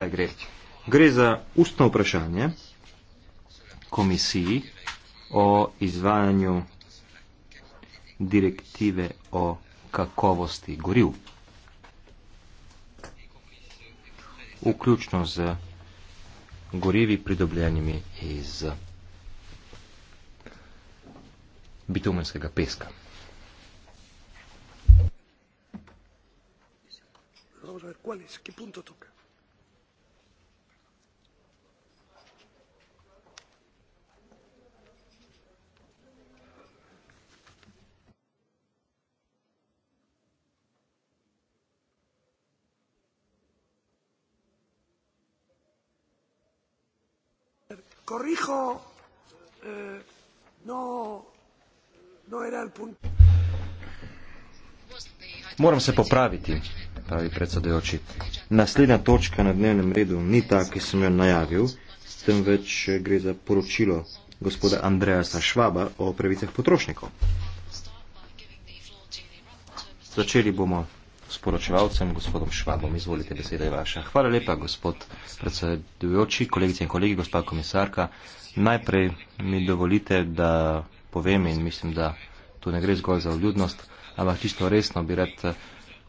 gre. Gre za ustno vprašanje komisiji o izvajanju direktive o kakovosti goriv. Vključno z gorivi pridobljenimi iz bitumenskega peska. Vamos a ver cuál es, qué punto toca. corrijo eh, no no era el punto Moram se popraviti, pravi predsedujoči. Naslednja točka na dnevnem redu ni ta, ki sem jo najavil, temveč gre za poročilo gospoda Andreasa Švaba o pravicah potrošnikov. Začeli bomo sporočevalcem, gospodom Švabom. Izvolite, beseda je vaša. Hvala lepa, gospod predsedujoči, kolegice in kolegi, gospa komisarka. Najprej mi dovolite, da povem in mislim, da tu ne gre zgolj za vljudnost, ampak čisto resno bi rad eh,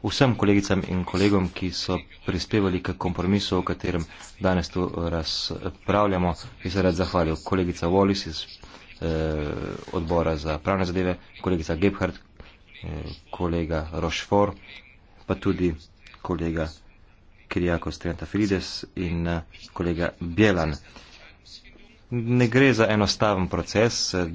vsem kolegicam in kolegom, ki so prispevali k kompromisu, o katerem danes tu razpravljamo, bi se rad zahvalil kolegica Wallis iz eh, odbora za pravne zadeve, kolegica Gebhardt, eh, kolega Rochefort, pa tudi kolega Kirijako Strentafrides in eh, kolega Bjelan. Ne gre za enostaven proces, eh,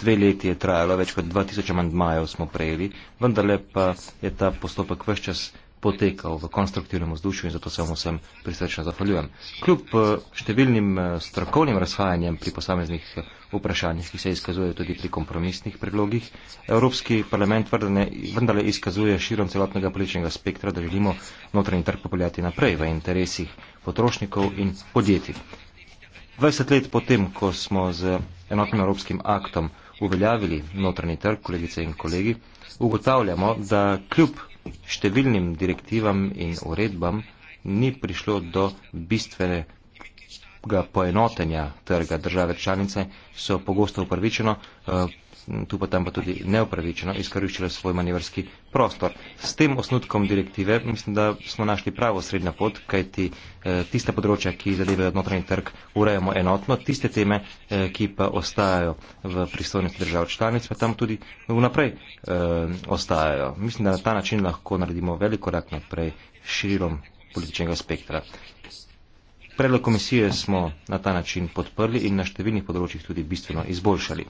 dve leti je trajalo, več kot 2000 amandmajev smo prejeli, vendarle pa je ta postopek vse čas potekal v konstruktivnem vzdušju in zato se vam vsem prisrečno zahvaljujem. Kljub eh, številnim strokovnim razhajanjem pri posameznih vprašanjih, ki se izkazujejo tudi pri kompromisnih predlogih. Evropski parlament vendarle izkazuje širom celotnega političnega spektra, da želimo notranji trg popeljati naprej v interesih potrošnikov in podjetij. 20 let potem, ko smo z enotnim evropskim aktom uveljavili notranji trg, kolegice in kolegi, ugotavljamo, da kljub številnim direktivam in uredbam ni prišlo do bistvene ga poenotenja trga države članice so pogosto upravičeno, eh, tu pa tam pa tudi neupravičeno izkoriščile svoj manevrski prostor. S tem osnutkom direktive mislim, da smo našli pravo srednjo pot, kajti eh, tiste področja, ki zadevajo notranji trg, urejamo enotno, tiste teme, eh, ki pa ostajajo v pristojnosti držav članic, pa tam tudi vnaprej ostajajo. Mislim, da na ta način lahko naredimo velik korak naprej širom političnega spektra. Predlog komisije smo na ta način podprli in na številnih področjih tudi bistveno izboljšali.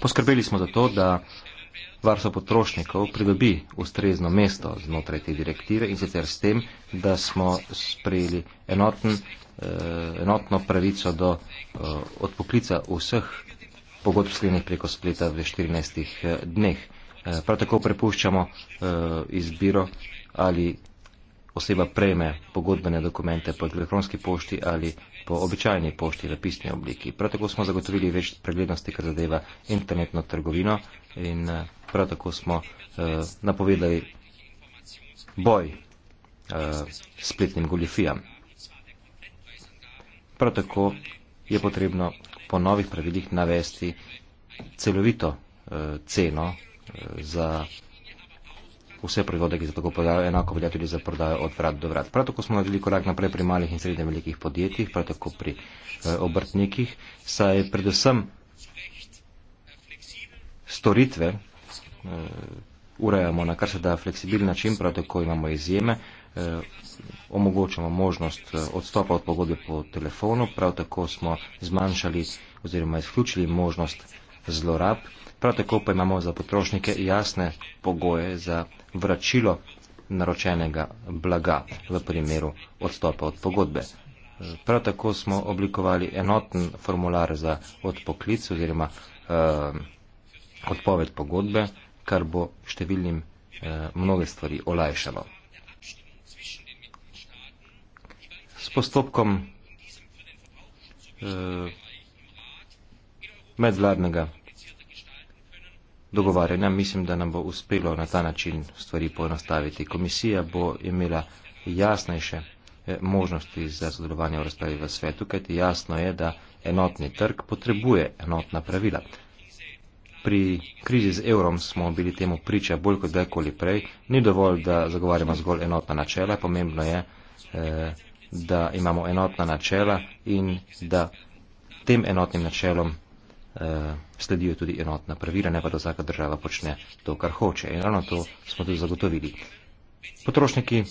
Poskrbeli smo za to, da varstvo potrošnikov pridobi ustrezno mesto znotraj te direktive in sicer s tem, da smo sprejeli enoten, eh, enotno pravico do eh, odpoklica vseh pogodb sklenih preko spleta v 14 eh, dneh. Prav tako prepuščamo izbiro ali oseba prejme pogodbene dokumente po elektronski pošti ali po običajni pošti v pisni obliki. Prav tako smo zagotovili več preglednosti, kar zadeva internetno trgovino in eh, prav tako smo eh, napovedali boj eh, spletnim goljofijam. Prav tako je potrebno po novih pravilih navesti celovito eh, ceno eh, za vse prihodke, ki se tako prodajajo, enako velja tudi za prodajo od vrat do vrat. Prav tako smo naredili korak naprej pri malih in srednje velikih podjetjih, prav tako pri eh, obrtnikih, saj predvsem storitve eh, urejamo na kar se da fleksibilen način, prav tako imamo izjeme. Eh, omogočamo možnost eh, odstopa od pogodbe po telefonu, prav tako smo zmanjšali oziroma izključili možnost zlorab. Eh, Prav tako pa imamo za potrošnike jasne pogoje za vračilo naročenega blaga v primeru odstopa od pogodbe. Prav tako smo oblikovali enoten formular za odpoklic oziroma eh, odpoved pogodbe, kar bo številnim eh, mnoge stvari olajšalo. S postopkom eh, medvladnega dogovarjanja. Mislim, da nam bo uspelo na ta način stvari poenostaviti. Komisija bo imela jasnejše eh, možnosti za sodelovanje v razpravi v svetu, kajti jasno je, da enotni trg potrebuje enotna pravila. Pri krizi z evrom smo bili temu priča bolj kot kdajkoli prej. Ni dovolj, da zagovarjamo zgolj enotna načela, pomembno je, eh, da imamo enotna načela in da tem enotnim načelom uh, sledijo tudi enotna pravila, ne pa da vsaka država počne to, kar hoče. In ravno to smo tudi zagotovili. Potrošniki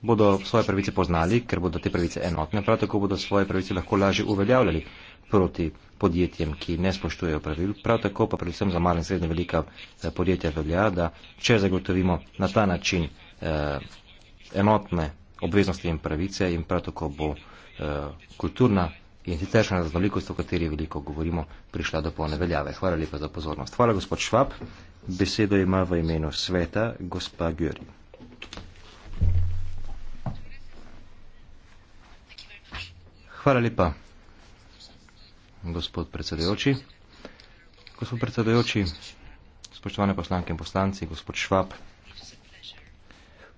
bodo svoje pravice poznali, ker bodo te pravice enotne, prav tako bodo svoje pravice lahko lažje uveljavljali proti podjetjem, ki ne spoštujejo pravil. Prav tako pa predvsem za malen srednje velika eh, podjetja velja, da če zagotovimo na ta način eh, enotne obveznosti in pravice, jim prav tako bo eh, kulturna in siceršna raznolikost, o kateri veliko govorimo, prišla do polne veljave. Hvala lepa za pozornost. Hvala, gospod Švab. Besedo ima v imenu sveta gospa Gjöri. Hvala lepa, gospod predsedojoči. Gospod predsedojoči, spoštovane poslanke in poslanci, gospod Švab,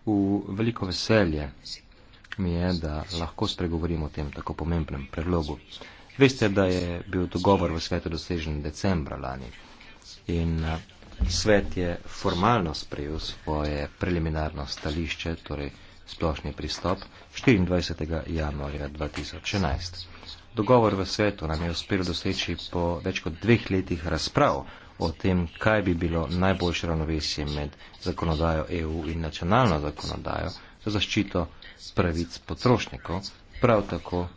v veliko veselje mi je, da lahko spregovorim o tem tako pomembnem predlogu. Veste, da je bil dogovor v svetu dosežen decembra lani in eh, svet je formalno sprejel svoje preliminarno stališče, torej splošni pristop 24. januarja 2011. Dogovor v svetu nam je uspelo doseči po več kot dveh letih razprav o tem, kaj bi bilo najboljše ravnovesje med zakonodajo EU in nacionalno zakonodajo za zaščito pravic potrošnikov. Prav tako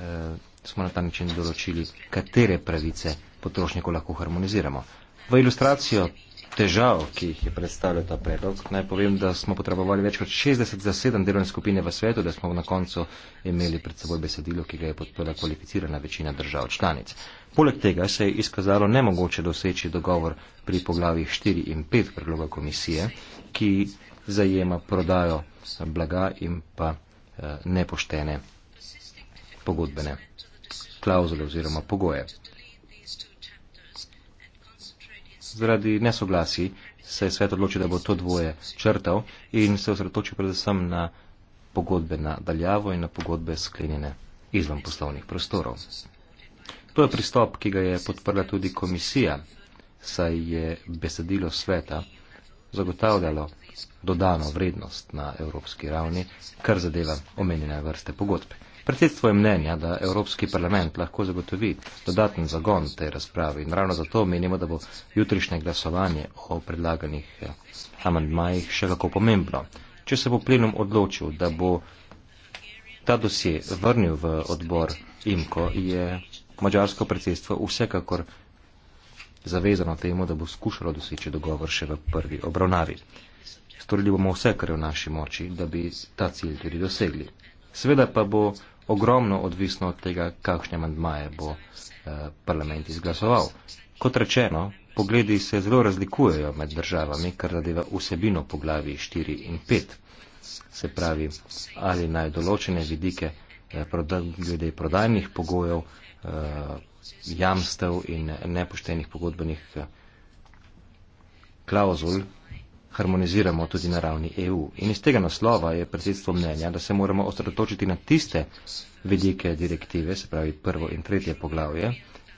eh, smo na ta način določili, katere pravice potrošnikov lahko harmoniziramo. V ilustracijo težav, ki jih je predstavljal ta predlog, naj povem, da smo potrebovali več kot 60 za 7 delovne skupine v svetu, da smo na koncu imeli pred seboj besedilo, ki ga je podpela kvalificirana večina držav članic. Poleg tega se je izkazalo nemogoče doseči dogovor pri poglavjih 4 in 5 predloga komisije, ki zajema prodajo vsa blaga in pa eh, nepoštene pogodbene klauzule oziroma pogoje. Zaradi nesoglasi se je svet odločil, da bo to dvoje črtal in se osredotočil predvsem na pogodbe na daljavo in na pogodbe sklenjene izvan poslovnih prostorov. To je pristop, ki ga je podprla tudi komisija, saj je besedilo sveta zagotavljalo dodano vrednost na evropski ravni, kar zadeva omenjene vrste pogodbe. Predsedstvo je mnenja, da Evropski parlament lahko zagotovi dodaten zagon tej razpravi in ravno zato menimo, da bo jutrišnje glasovanje o predlaganih eh, amandmajih še kako pomembno. Če se bo plenum odločil, da bo ta dosje vrnil v odbor IMKO, je mađarsko predsedstvo vsekakor zavezano temu, da bo skušalo doseči dogovor še v prvi obravnavi storili bomo vse, kar je v naši moči, da bi ta cilj tudi dosegli. Sveda pa bo ogromno odvisno od tega, kakšne mandmaje bo eh, parlament izglasoval. Kot rečeno, pogledi se zelo razlikujejo med državami, kar zadeva vsebino poglavi 4 in 5. Se pravi, ali naj določene vidike eh, glede prodajnih pogojev, eh, jamstev in nepoštenih pogodbenih eh, klauzul harmoniziramo tudi na ravni EU. In iz tega naslova je predsedstvo mnenja, da se moramo osredotočiti na tiste vidike direktive, se pravi prvo in tretje poglavje,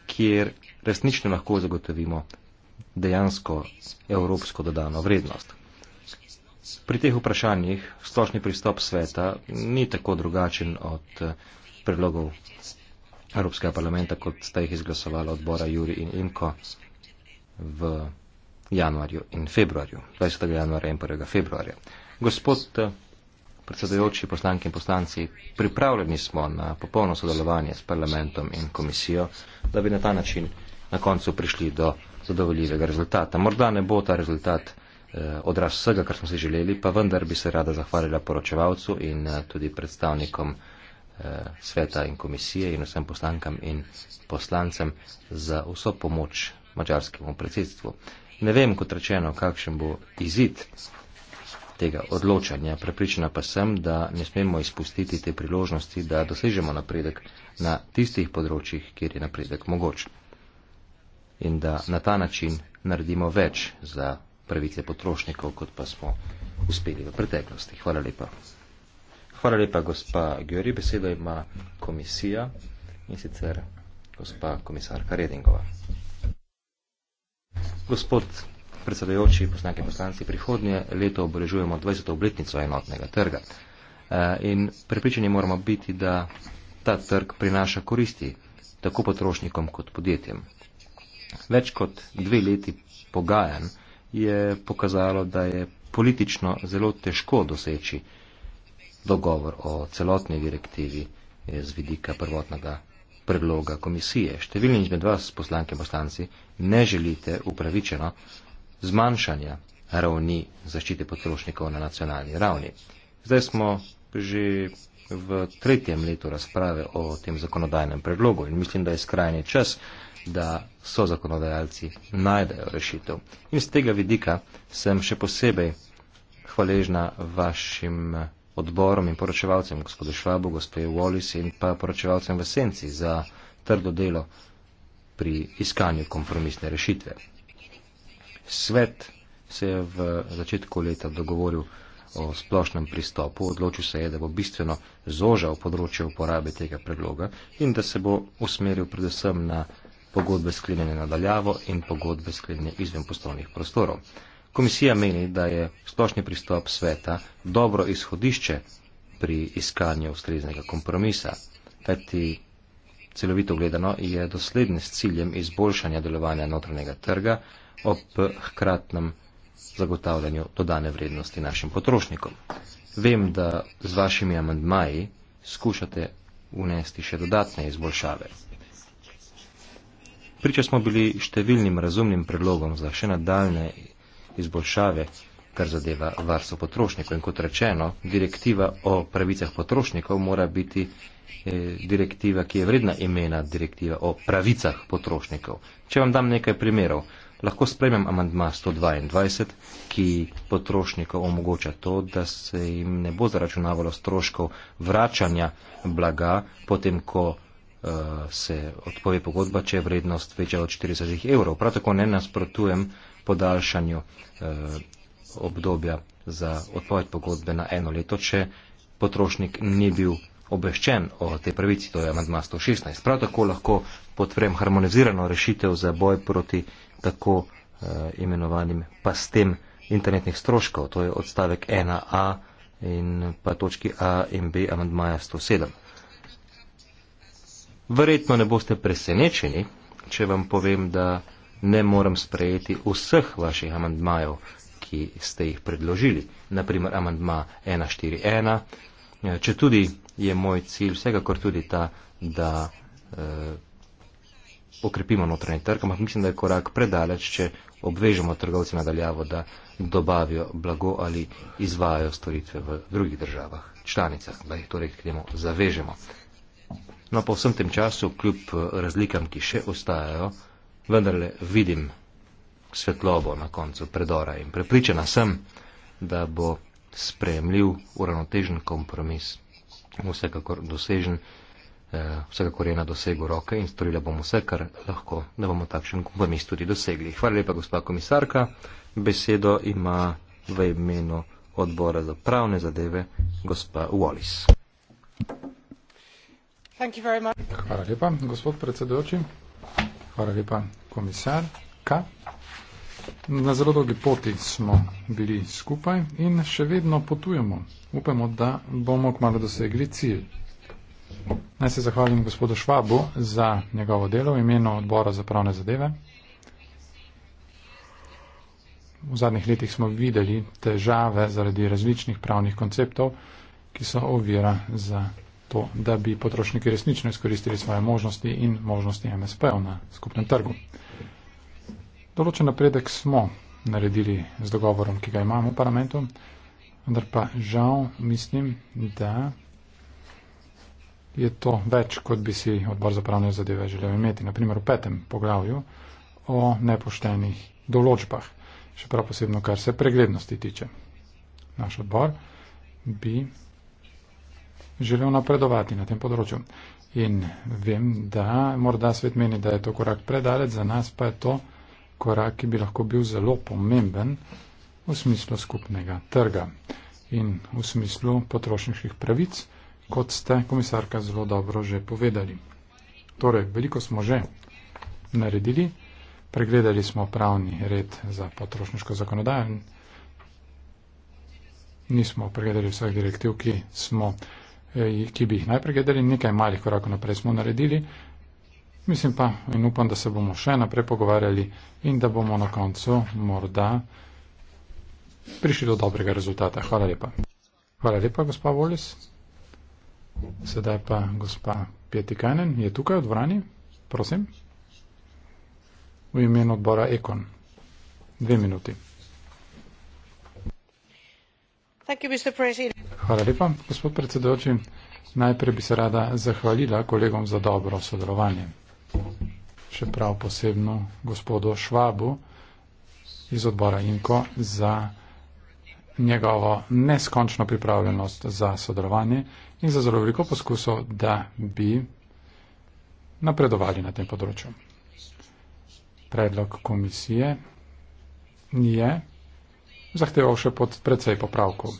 kjer resnično lahko zagotovimo dejansko evropsko dodano vrednost. Pri teh vprašanjih splošni pristop sveta ni tako drugačen od eh, predlogov Evropskega parlamenta, kot sta jih izglasovala odbora Juri in Inko v januarju in februarju, 20. januarja in 1. februarja. Gospod eh, predsedajoči poslanki in poslanci, pripravljeni smo na popolno sodelovanje s parlamentom in komisijo, da bi na ta način na koncu prišli do zadovoljivega rezultata. Morda ne bo ta rezultat eh, odraz vsega, kar smo si želeli, pa vendar bi se rada zahvalila poročevalcu in eh, tudi predstavnikom sveta in komisije in vsem poslankam in poslancem za vso pomoč mačarskemu predsedstvu. Ne vem, kot rečeno, kakšen bo izid tega odločanja. Prepričana pa sem, da ne smemo izpustiti te priložnosti, da dosežemo napredek na tistih področjih, kjer je napredek mogoč. In da na ta način naredimo več za pravice potrošnikov, kot pa smo uspeli v preteklosti. Hvala lepa. Hvala lepa, gospa Gjori. Besedo ima komisija in sicer gospa komisarka Redingova. Gospod predsedujoči, poslanke poslanci, prihodnje leto obrežujemo 20. obletnico enotnega trga. Eh, in pripričani moramo biti, da ta trg prinaša koristi tako potrošnikom kot podjetjem. Več kot dve leti pogajan je pokazalo, da je politično zelo težko doseči dogovor o celotni direktivi eh, z vidika prvotnega predloga komisije. Številni izmed vas, poslanke in poslanci, ne želite upravičeno zmanjšanja ravni zaščite potrošnikov na nacionalni ravni. Zdaj smo že v tretjem letu razprave o tem zakonodajnem predlogu in mislim, da je skrajni čas, da so zakonodajalci najdejo rešitev. In z tega vidika sem še posebej hvaležna vašim odborom in poročevalcem, gospodu Švabu, gospodu Wallis in pa poročevalcem v senci za trdo delo pri iskanju kompromisne rešitve. Svet se je v začetku leta dogovoril o splošnem pristopu, odločil se je, da bo bistveno zožal področje uporabe tega predloga in da se bo usmeril predvsem na pogodbe sklenjene nadaljavo in pogodbe sklenjene izven poslovnih prostorov. Komisija meni, da je splošni pristop sveta dobro izhodišče pri iskanju ustreznega kompromisa. Kajti celovito gledano je dosledni s ciljem izboljšanja delovanja notranjega trga ob hkratnem zagotavljanju dodane vrednosti našim potrošnikom. Vem, da z vašimi amandmaji skušate unesti še dodatne izboljšave. Priča smo bili številnim razumnim predlogom za še nadaljne izboljšave, kar zadeva varstvo potrošnikov. In kot rečeno, direktiva o pravicah potrošnikov mora biti eh, direktiva, ki je vredna imena direktiva o pravicah potrošnikov. Če vam dam nekaj primerov, lahko sprejmem amandma 122, ki potrošnikov omogoča to, da se jim ne bo zaračunavalo stroškov vračanja blaga, potem ko eh, se odpove pogodba, če je vrednost večja od 40 evrov. Prav tako ne nasprotujem uh, podaljšanju eh, obdobja za odpoved pogodbe na eno leto, če potrošnik ni bil obveščen o tej pravici, to je amandma 116. Prav tako lahko podprem harmonizirano rešitev za boj proti tako eh, imenovanim pastem internetnih stroškov, to je odstavek 1a in pa točki a in b amandmaja 107. Verjetno ne boste presenečeni, če vam povem, da ne morem sprejeti vseh vaših amandmajev, ki ste jih predložili. Naprimer, amandma 141, ja, če tudi je moj cilj vsekakor tudi ta, da eh, okrepimo notranji trg, ampak mislim, da je korak predaleč, če obvežemo trgovce nadaljavo, da dobavijo blago ali izvajajo storitve v drugih državah, članicah, da jih torej k temu zavežemo. No, po vsem tem času, kljub eh, razlikam, ki še ostajajo, vendarle vidim svetlobo na koncu predora in prepričana sem, da bo spremljiv uravnotežen kompromis vsekakor dosežen, eh, vsekakor je na dosegu roke in storila bom vse, kar lahko, da bomo takšen kompromis tudi dosegli. Hvala lepa, gospa komisarka. Besedo ima v imenu odbora za pravne zadeve gospa Wallis. Hvala lepa, gospod predsedujoči. Hvala lepa, komisar. Ka? Na zelo dolgi poti smo bili skupaj in še vedno potujemo. Upamo, da bomo kmalo dosegli cilj. Naj se zahvalim gospodu Švabu za njegovo delo v imenu odbora za pravne zadeve. V zadnjih letih smo videli težave zaradi različnih pravnih konceptov, ki so ovira za to, da bi potrošniki resnično izkoristili svoje možnosti in možnosti MSP-ev na skupnem trgu. Določen napredek smo naredili z dogovorom, ki ga imamo v parlamentu, vendar pa žal mislim, da je to več, kot bi si odbor za pravne zadeve želel imeti. Naprimer v petem poglavju o nepoštenih določbah, še prav posebno, kar se preglednosti tiče. Naš odbor bi želel napredovati na tem področju. In vem, da morda svet meni, da je to korak predalec, za nas pa je to korak, ki bi lahko bil zelo pomemben v smislu skupnega trga in v smislu potrošniških pravic, kot ste, komisarka, zelo dobro že povedali. Torej, veliko smo že naredili, pregledali smo pravni red za potrošniško zakonodajo, nismo pregledali vseh direktiv, ki smo. Eh, ki bi jih najprej gledali, nekaj malih korakov naprej smo naredili. Mislim pa in upam, da se bomo še naprej pogovarjali in da bomo na koncu morda prišli do dobrega rezultata. Hvala lepa. Hvala lepa, gospa Volis. Sedaj pa gospa Pietikanen je tukaj v dvorani. Prosim. V imenu odbora Ekon. Dve minuti. Hvala lepa, gospod predsedoči. Najprej bi se rada zahvalila kolegom za dobro sodelovanje. Še prav posebno gospodu Švabu iz odbora Inko za njegovo neskončno pripravljenost za sodelovanje in za zelo veliko poskusov, da bi napredovali na tem področju. Predlog komisije je zahteval še pod precej popravkov.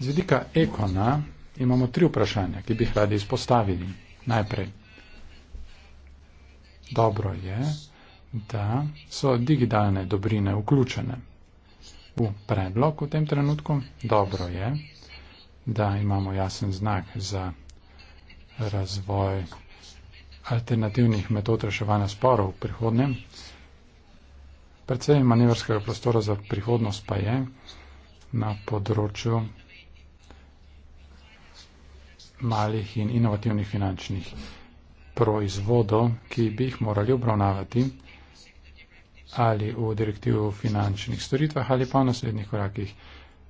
Z vidika ekona imamo tri vprašanja, ki bi jih radi izpostavili. Najprej, dobro je, da so digitalne dobrine vključene v predlog v tem trenutku. Dobro je, da imamo jasen znak za razvoj alternativnih metod reševanja sporov v prihodnem. Predvsej manevrskega prostora za prihodnost pa je na področju malih in inovativnih finančnih proizvodov, ki bi jih morali obravnavati ali v direktivu o finančnih storitvah ali pa v naslednjih korakih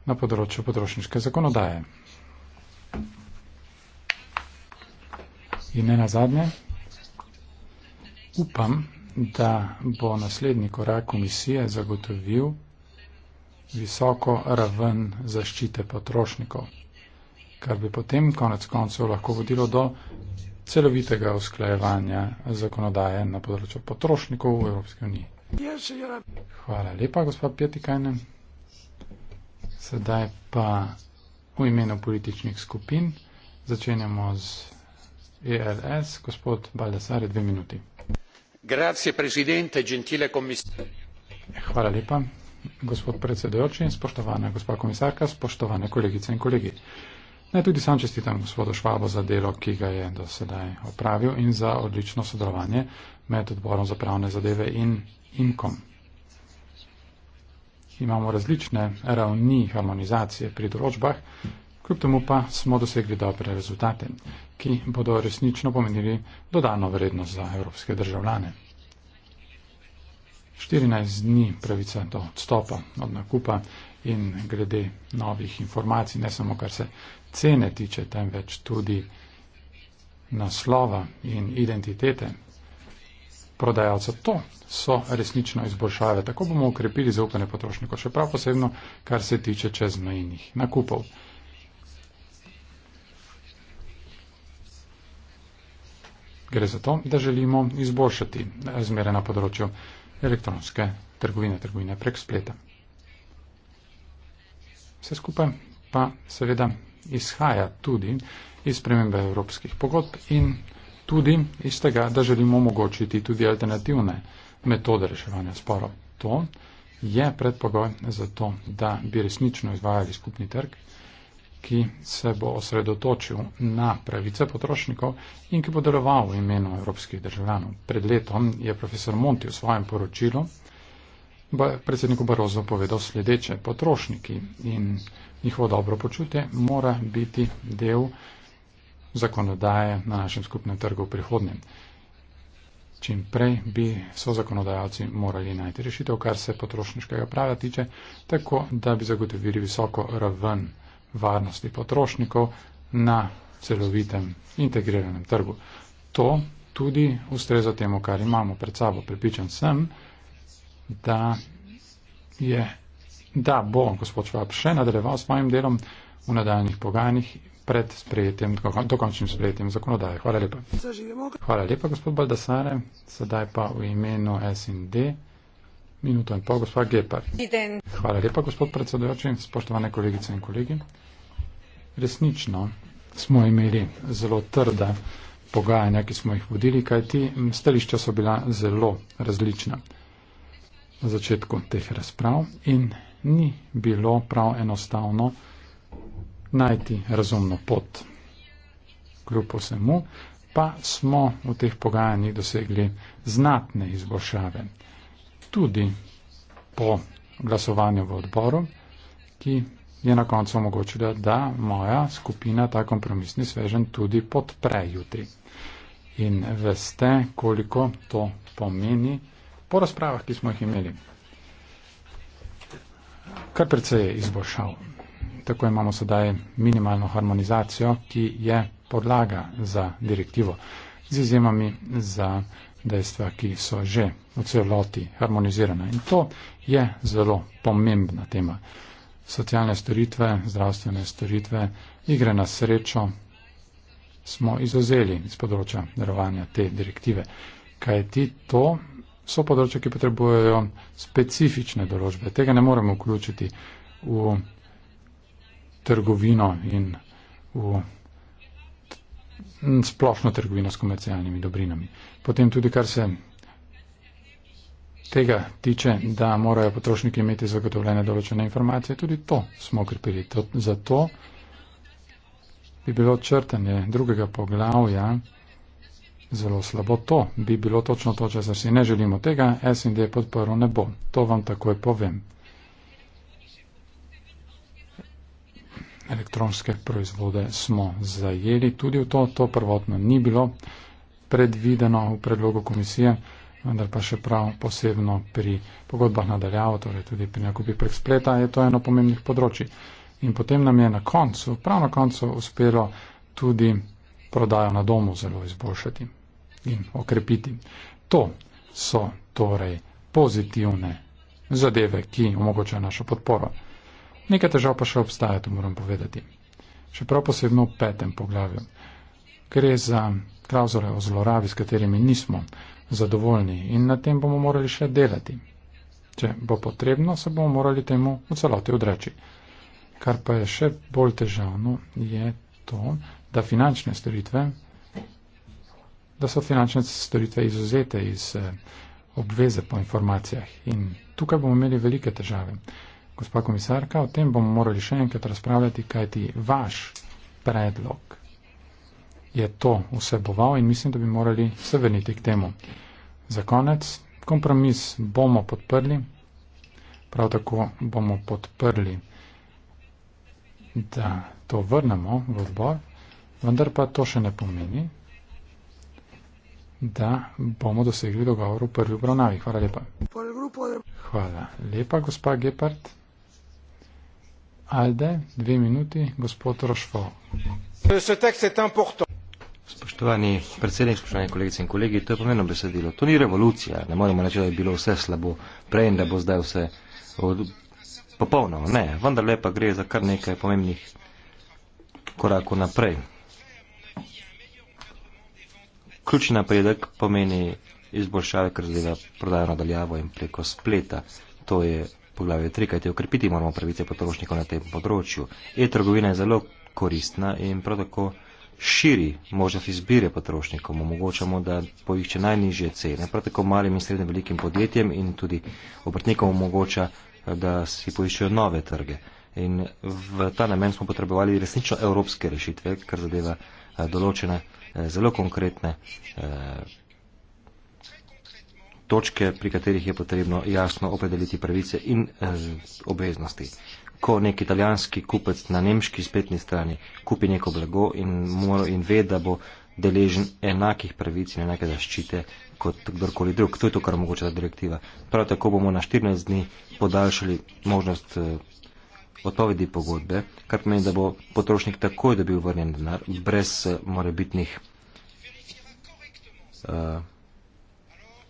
na področju potrošniške zakonodaje. In ne nazadnje, upam, da bo naslednji korak komisije zagotovil visoko raven zaščite potrošnikov, kar bi potem konec koncev lahko vodilo do celovitega usklajevanja zakonodaje na področju potrošnikov v Evropski uniji. Hvala lepa, gospod Pjetikajne. Sedaj pa v imenu političnih skupin začenjamo z ELS. Gospod Baldasare, dve minuti gospod predsedujoči spoštovana gospa komisarka spoštovane kolegice in kolegi naj tudi sam čestitam gospodu švabu za delo ki ga je do sedaj opravil in za odlično sodelovanje med odborom za pravne zadeve in imkom imamo različne ravni harmonizacije pri določbah ki jih je treba upoštevati pri pripravi zakona. Kljub temu pa smo dosegli dobre rezultate, ki bodo resnično pomenili dodano vrednost za evropske državljane. 14 dni pravica do odstopa od nakupa in glede novih informacij, ne samo kar se cene tiče, temveč tudi naslova in identitete prodajalca. To so resnično izboljšave. Tako bomo ukrepili zaupanje potrošnikov, še prav posebno, kar se tiče čezmejnih nakupov. Gre za to, da želimo izboljšati razmere na področju elektronske trgovine, trgovine prek spleta. Vse skupaj pa seveda izhaja tudi iz spremembe evropskih pogodb in tudi iz tega, da želimo omogočiti tudi alternativne metode reševanja sporov. To je predpogoj za to, da bi resnično izvajali skupni trg ki se bo osredotočil na pravice potrošnikov in ki bo deloval v imenu evropskih državljanov. Pred letom je profesor Monti v svojem poročilu predsedniku Barozo povedal sledeče. Potrošniki in njihovo dobro počutje mora biti del zakonodaje na našem skupnem trgu v prihodnjem. Čim prej bi so zakonodajalci morali najti rešitev, kar se potrošniškega prava tiče, tako da bi zagotovili visoko raven varnosti potrošnikov na celovitem integriranem trgu. To tudi ustreza temu, kar imamo pred sabo. Pripičan sem, da, je, da bo gospod Švab še nadaljeval s svojim delom v nadaljnih pogajanjih pred sprejetjem, dokončnim sprejetjem zakonodaje. Hvala lepa. Hvala lepa, gospod Baldasare. Sedaj pa v imenu SND. Minuto in pol, gospod Gepar. Hvala lepa, gospod predsedojoči, spoštovane kolegice in kolegi resnično smo imeli zelo trda pogajanja, ki smo jih vodili, kajti stališča so bila zelo različna na začetku teh razprav in ni bilo prav enostavno najti razumno pot. Kljub vsemu pa smo v teh pogajanjih dosegli znatne izboljšave. Tudi po glasovanju v odboru, ki je na koncu omogočila, da moja skupina ta kompromisni svežen tudi podpre jutri. In veste, koliko to pomeni po razpravah, ki smo jih imeli. Kar precej je izboljšal. Tako imamo sedaj minimalno harmonizacijo, ki je podlaga za direktivo, z izjemami za dejstva, ki so že v celoti harmonizirana. In to je zelo pomembna tema socialne storitve, zdravstvene storitve, igre na srečo smo izuzeli iz področja darovanja te direktive. Kaj ti to so področja, ki potrebujejo specifične določbe. Tega ne moremo vključiti v trgovino in v splošno trgovino s komercialnimi dobrinami. Potem tudi, kar se tega tiče, da morajo potrošniki imeti zagotovljene določene informacije, tudi to smo okrepili. Zato bi bilo črtanje drugega poglavja zelo slabo. To bi bilo točno to, če si ne želimo tega, SND podporo ne bo. To vam takoj povem. Elektronske proizvode smo zajeli tudi v to, to prvotno ni bilo predvideno v predlogu komisije vendar pa še prav posebno pri pogodbah nadaljavo, torej tudi pri nakupi prek spleta, je to eno pomembnih področji. In potem nam je na koncu, prav na koncu, uspelo tudi prodajo na domu zelo izboljšati in okrepiti. To so torej pozitivne zadeve, ki omogočajo našo podporo. Nekaj težav pa še obstaja, to moram povedati. Še prav posebno v petem poglavju gre za klauzule o zlorabi, s katerimi nismo zadovoljni in na tem bomo morali še delati. Če bo potrebno, se bomo morali temu v celoti odreči. Kar pa je še bolj težavno, je to, da finančne storitve, da so finančne storitve izuzete iz eh, obveze po informacijah in tukaj bomo imeli velike težave. Gospa komisarka, o tem bomo morali še enkrat razpravljati, kajti vaš predlog je to vseboval in mislim, da bi morali se vrniti k temu. Za konec, kompromis bomo podprli, prav tako bomo podprli, da to vrnemo v odbor, vendar pa to še ne pomeni, da bomo dosegli dogovor v prvi obravnavi. Hvala lepa. Hvala lepa, gospa Gepard. Alde, dve minuti, gospod Rošfo. Spoštovani predsednik, spoštovani kolegice in kolegi, to je pomeno besedilo. To ni revolucija. Ne moremo reči, da je bilo vse slabo prej in da bo zdaj vse od... popolno. Ne, vendar lepa gre za kar nekaj pomembnih korakov naprej. Ključni napredek pomeni izboljšave, kar zadeva prodajo nadaljavo in preko spleta. To je poglavje 3, kajte okrepiti moramo pravice potrošnikov na tem področju. E-trgovina je zelo koristna in prav tako širi možnost izbire potrošnikom, omogočamo, da poišče najnižje cene, prav tako malim in srednjim velikim podjetjem in tudi obrtnikom omogoča, da si poiščejo nove trge. In v ta namen smo potrebovali resnično evropske rešitve, kar zadeva eh, določene eh, zelo konkretne eh, točke, pri katerih je potrebno jasno opredeliti pravice in obveznosti ko nek italijanski kupec na nemški spletni strani kupi neko blago in, mora, in ve, da bo deležen enakih pravic in enake zaščite kot kdorkoli drug. To je to, kar omogoča ta direktiva. Prav tako bomo na 14 dni podaljšali možnost eh, odpovedi pogodbe, kar pomeni, da bo potrošnik takoj dobil vrnjen denar, brez eh, morebitnih uh,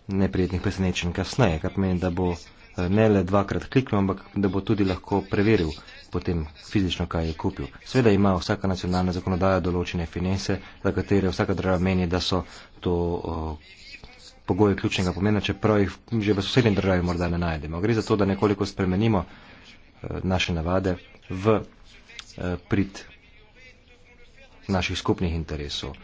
neprijetnih presenečenj kasneje, kar pomeni, da bo uh, ne le dvakrat kliknil, ampak da bo tudi lahko preveril potem fizično, kaj je kupil. Sveda ima vsaka nacionalna zakonodaja določene finese, za katere vsaka država meni, da so to o, pogoje ključnega pomena, čeprav jih že v sosednji državi morda ne najdemo. Gre za to, da nekoliko spremenimo o, e, naše navade v o, e, prid naših skupnih interesov.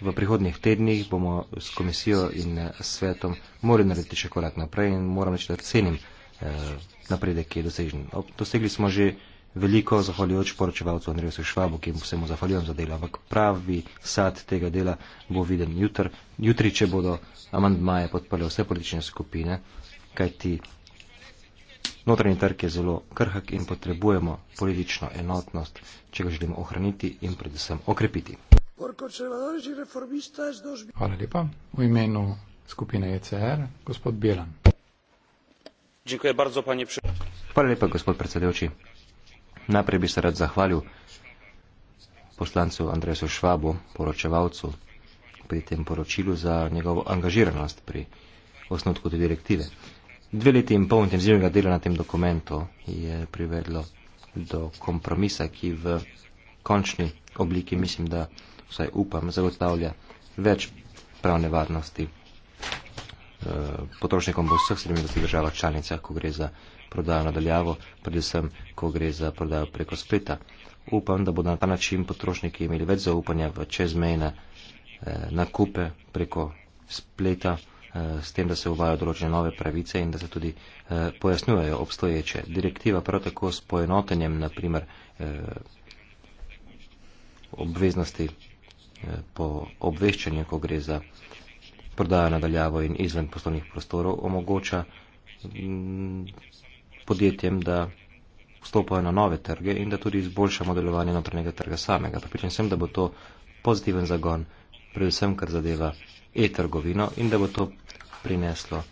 V prihodnih tednih bomo s komisijo in eh, svetom morali narediti še korak naprej in moram reči, da cenim eh, napredek, ki je dosežen. Dosegli smo že veliko, zahvaljujoč poročevalcu Andreju Švabu, ki se mu zahvaljujem za delo, ampak pravi sad tega dela bo viden jutr. jutri, če bodo amandmaje podprle vse politične skupine, kajti notranji trg je zelo krhak in potrebujemo politično enotnost, če ga želimo ohraniti in predvsem okrepiti. Hvala lepa. V imenu skupine ECR, gospod Bielan. Hvala lepa, gospod predsedevči. Najprej bi se rad zahvalil poslancu Andresu Švabu, poročevalcu, pri tem poročilu za njegovo angažiranost pri osnutku te direktive. Dve leti in pol intenzivnega dela na tem dokumentu je privedlo do kompromisa, ki v končni obliki mislim, da vsaj upam, zagotavlja več pravne varnosti eh, potrošnikom v vseh 70 državah članicah, ko gre za prodajo nadaljavo, predvsem, ko gre za prodajo preko spleta. Upam, da bodo na ta način potrošniki imeli več zaupanja v čezmejne eh, nakupe preko spleta, eh, s tem, da se uvajo določene nove pravice in da se tudi eh, pojasnjujejo obstoječe. Direktiva prav tako s poenotenjem, naprimer, eh, obveznosti Eh, po obveščanju, ko gre za prodajo nadaljavo in izven poslovnih prostorov, omogoča mm, podjetjem, da vstopajo na nove trge in da tudi izboljšamo delovanje notranjega trga samega. Pripričan sem, da bo to pozitiven zagon, predvsem kar zadeva e-trgovino in da bo to prineslo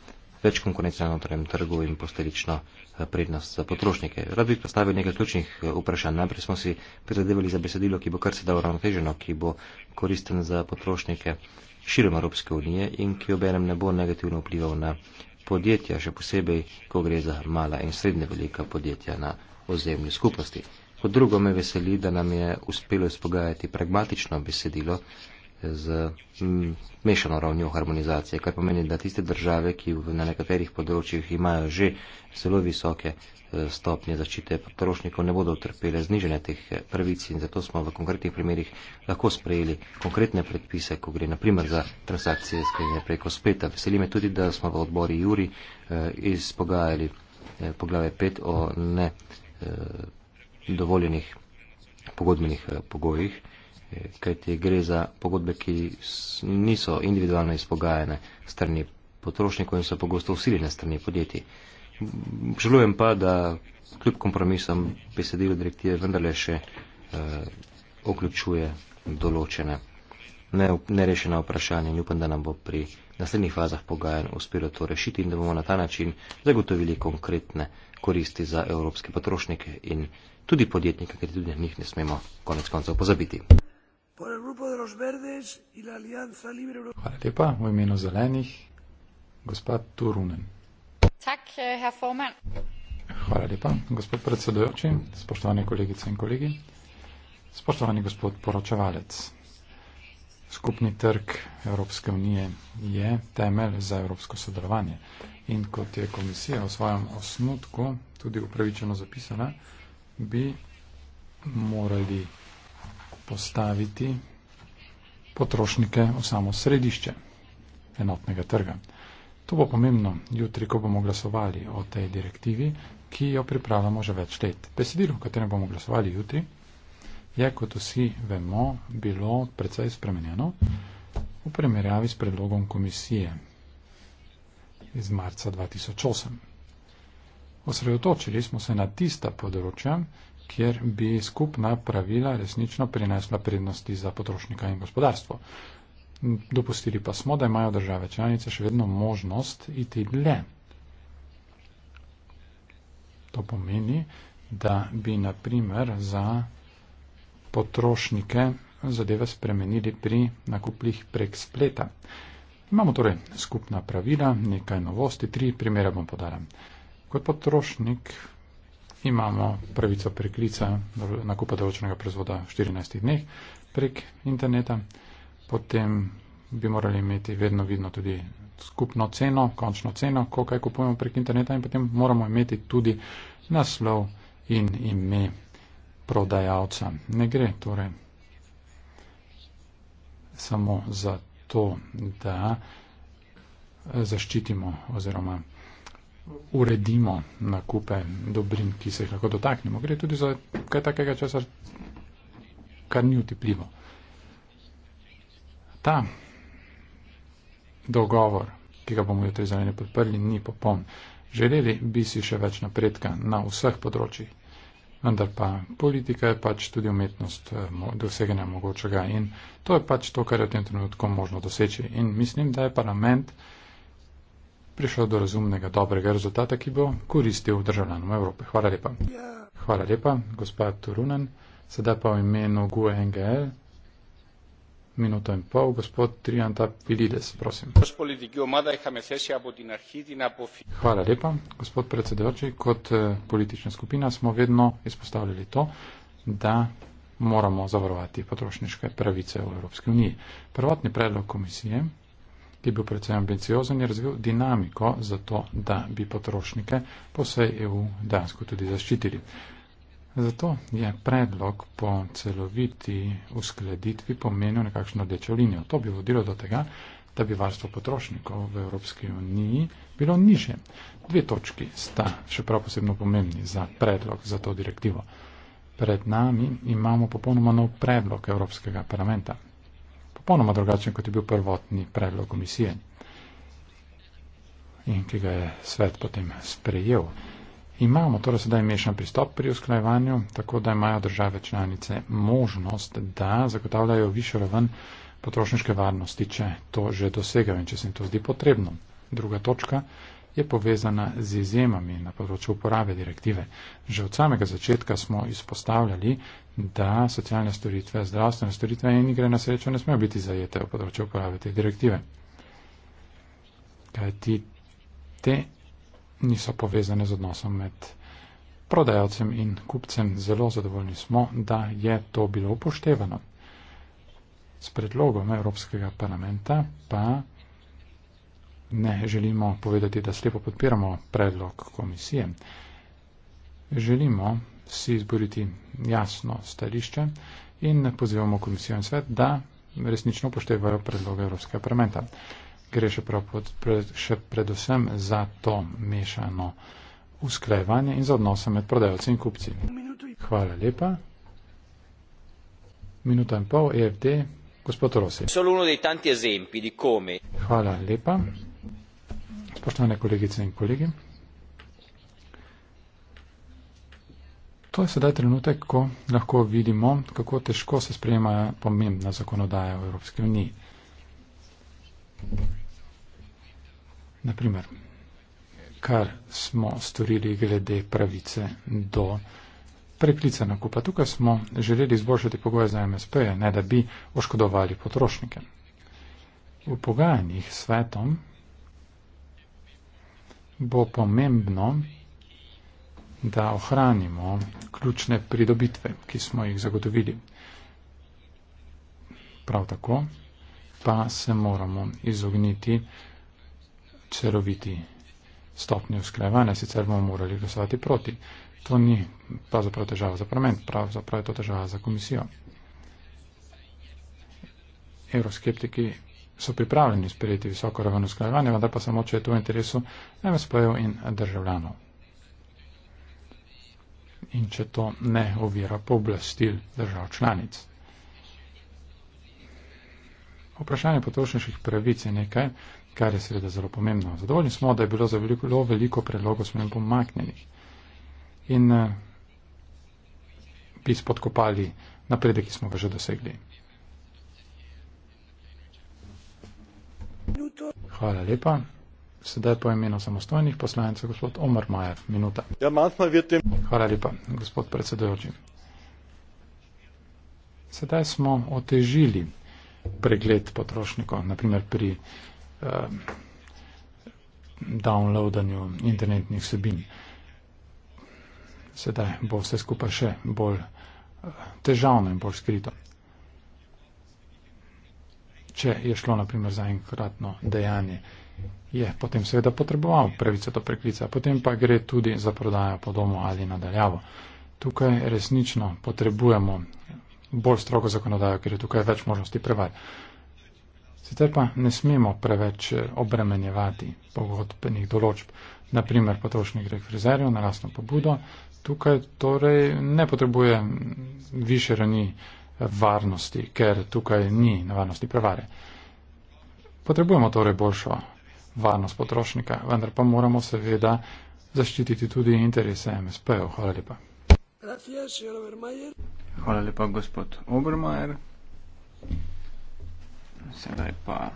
več konkurence na notranjem trgu in posledično eh, prednost za potrošnike. Rad bi postavil nekaj ključnih eh, vprašanj. Najprej smo si prizadevali za besedilo, ki bo kar sedaj uravnoteženo, ki bo koristen za potrošnike širom Evropske unije in ki obenem ne bo negativno vplival na podjetja, še posebej, ko gre za mala in srednje velika podjetja na ozemlju skupnosti. Kot drugo me veseli, da nam je uspelo izpogajati pragmatično besedilo, z mešano ravnjo harmonizacije, kar pomeni, da tiste države, ki na nekaterih področjih imajo že zelo visoke e, stopnje zaščite potrošnikov, ne bodo utrpele znižene teh e, pravic in zato smo v konkretnih primerjih lahko sprejeli konkretne predpise, ko gre naprimer za transakcije sklenje preko speta. Veseli me tudi, da smo v odbori Juri e, izpogajali poglave 5 o ne dovoljenih pogodbenih pogojih kajti gre za pogodbe, ki niso individualno izpogajene strani potrošnikov in so pogosto usiljene strani podjetij. Želujem pa, da kljub kompromisom besedilo direktive vendarle še eh, vključuje določene nerešena vprašanja in upam, da nam bo pri naslednjih fazah pogajanj uspelo to rešiti in da bomo na ta način zagotovili konkretne koristi za evropske potrošnike in tudi podjetnike, ker tudi njih ne smemo konec koncev pozabiti. Hvala lepa, v imenu zelenih, gospod Turunen. Tak, eh, Hvala lepa, gospod predsedojoči, spoštovane kolegice in kolegi, spoštovani gospod poročevalec. Skupni trg Evropske unije je temelj za evropsko sodelovanje in kot je komisija v svojem osnutku tudi upravičeno zapisana, bi morali postaviti potrošnike v samo središče enotnega trga. To bo pomembno jutri, ko bomo glasovali o tej direktivi, ki jo pripravljamo že več let. Besedilo, o katerem bomo glasovali jutri, je, kot vsi vemo, bilo precej spremenjeno v primerjavi s predlogom komisije iz marca 2008. Osredotočili smo se na tista področja, kjer bi skupna pravila resnično prinesla prednosti za potrošnika in gospodarstvo. Dopustili pa smo, da imajo države članice še vedno možnost iti dlje. To pomeni, da bi naprimer za potrošnike zadeve spremenili pri nakuplih prek spleta. Imamo torej skupna pravila, nekaj novosti, tri primere bom podala. Kot potrošnik imamo pravico preklica nakupa določenega proizvoda v 14 dneh prek interneta. Potem bi morali imeti vedno vidno tudi skupno ceno, končno ceno, ko kaj kupujemo prek interneta in potem moramo imeti tudi naslov in ime prodajalca. Ne gre torej samo za to, da zaščitimo oziroma uredimo nakupe dobrin, ki se jih lahko dotaknemo. Gre tudi za kaj takega časa, kar ni utepljivo. Ta dogovor, ki ga bomo jutri zanje podprli, ni popoln. Želeli bi si še več napredka na vseh področjih, vendar pa politika je pač tudi umetnost eh, doseganja mogočega in to je pač to, kar je v tem trenutku možno doseči. In mislim, da je parlament prišlo do razumnega, dobrega rezultata, ki bo koristil državljanom Evrope. Hvala lepa. Hvala lepa, gospod Turunen. Sedaj pa v imenu GUE NGL. Minuto in pol, gospod Trianta Pilides, prosim. Hvala lepa, gospod predsedujoči. Kot eh, politična skupina smo vedno izpostavljali to, da moramo zavarovati potrošniške pravice v Evropski uniji. Prvotni predlog komisije ki je bil predvsem ambiciozen, je razvil dinamiko za to, da bi potrošnike po vsej EU dejansko tudi zaščitili. Zato je predlog po celoviti uskladitvi pomenil nekakšno rdečo linijo. To bi vodilo do tega, da bi varstvo potrošnikov v Evropski uniji bilo niže. Dve točki sta še prav posebno pomembni za predlog za to direktivo. Pred nami imamo popolnoma nov predlog Evropskega parlamenta popolnoma drugačen, kot je bil prvotni predlog komisije in ki ga je svet potem sprejel. Imamo torej sedaj mešan pristop pri usklajevanju, tako da imajo države članice možnost, da zagotavljajo višjo raven potrošniške varnosti, če to že dosegajo in če se jim to zdi potrebno. Druga točka je povezana z izjemami na področju uporabe direktive. Že od samega začetka smo izpostavljali, da socialne storitve, zdravstvene storitve in igre na srečo ne smejo biti zajete v področju uporabe te direktive. Kaj ti te niso povezane z odnosom med prodajalcem in kupcem. Zelo zadovoljni smo, da je to bilo upoštevano. S predlogom Evropskega parlamenta pa ne želimo povedati, da slepo podpiramo predlog komisije. Želimo si izboriti jasno stališče in pozivamo komisijo in svet, da resnično upoštevajo predloge Evropskega parlamenta. Gre še, pod, še predvsem za to mešano usklajevanje in za odnose med prodajalci in kupci. Hvala lepa. Minuta in pol EFD, gospod Rosi. Hvala lepa. Spoštovane kolegice in kolegi, to je sedaj trenutek, ko lahko vidimo, kako težko se sprejema pomembna zakonodaja v Evropski uniji. Naprimer, kar smo storili glede pravice do preklica nakupa. Tukaj smo želeli izboljšati pogoje za MSP-je, ne da bi oškodovali potrošnike. V pogajanjih svetom bo pomembno, da ohranimo ključne pridobitve, ki smo jih zagotovili. Prav tako pa se moramo izogniti celoviti stopnji usklajevanja, sicer bomo morali glasovati proti. To ni pravzaprav težava za parlament, pravzaprav je to težava za komisijo. Euroskeptiki so pripravljeni sprejeti visoko raven usklajevanja, vendar pa samo, če je to v interesu MSP-jev in državljanov. In če to ne ovira pooblastil držav članic. Vprašanje potrošniških pravic je nekaj, kar je seveda zelo pomembno. Zadovoljni smo, da je bilo za veliko, veliko predlogov smem pomaknjenih in uh, bi spodkopali napredek, ki smo ga že dosegli. to. Hvala lepa. Sedaj po imenu samostojnih poslancev, gospod Omar Maja, minuta. Ja, malo vidite. Hvala lepa, gospod predsedujoči. Sedaj smo otežili pregled potrošnikov, naprimer pri eh, downloadanju internetnih vsebin. Sedaj bo vse skupaj še bolj eh, težavno in bolj skrito če je šlo naprimer za enkratno dejanje, je potem seveda potreboval pravico do preklica, potem pa gre tudi za prodajo po domu ali nadaljavo. Tukaj resnično potrebujemo bolj strogo zakonodajo, ker je tukaj več možnosti prevar. Sicer pa ne smemo preveč eh, obremenjevati pogodbenih določb, naprimer potrošnik gre k frizerju na lastno pobudo, tukaj torej ne potrebuje mm, više ranije varnosti, ker tukaj ni nevarnosti prevare. Potrebujemo torej boljšo varnost potrošnika, vendar pa moramo seveda zaščititi tudi interese MSP-ov. Hvala lepa. Hvala lepa, gospod Obermajer. Sedaj pa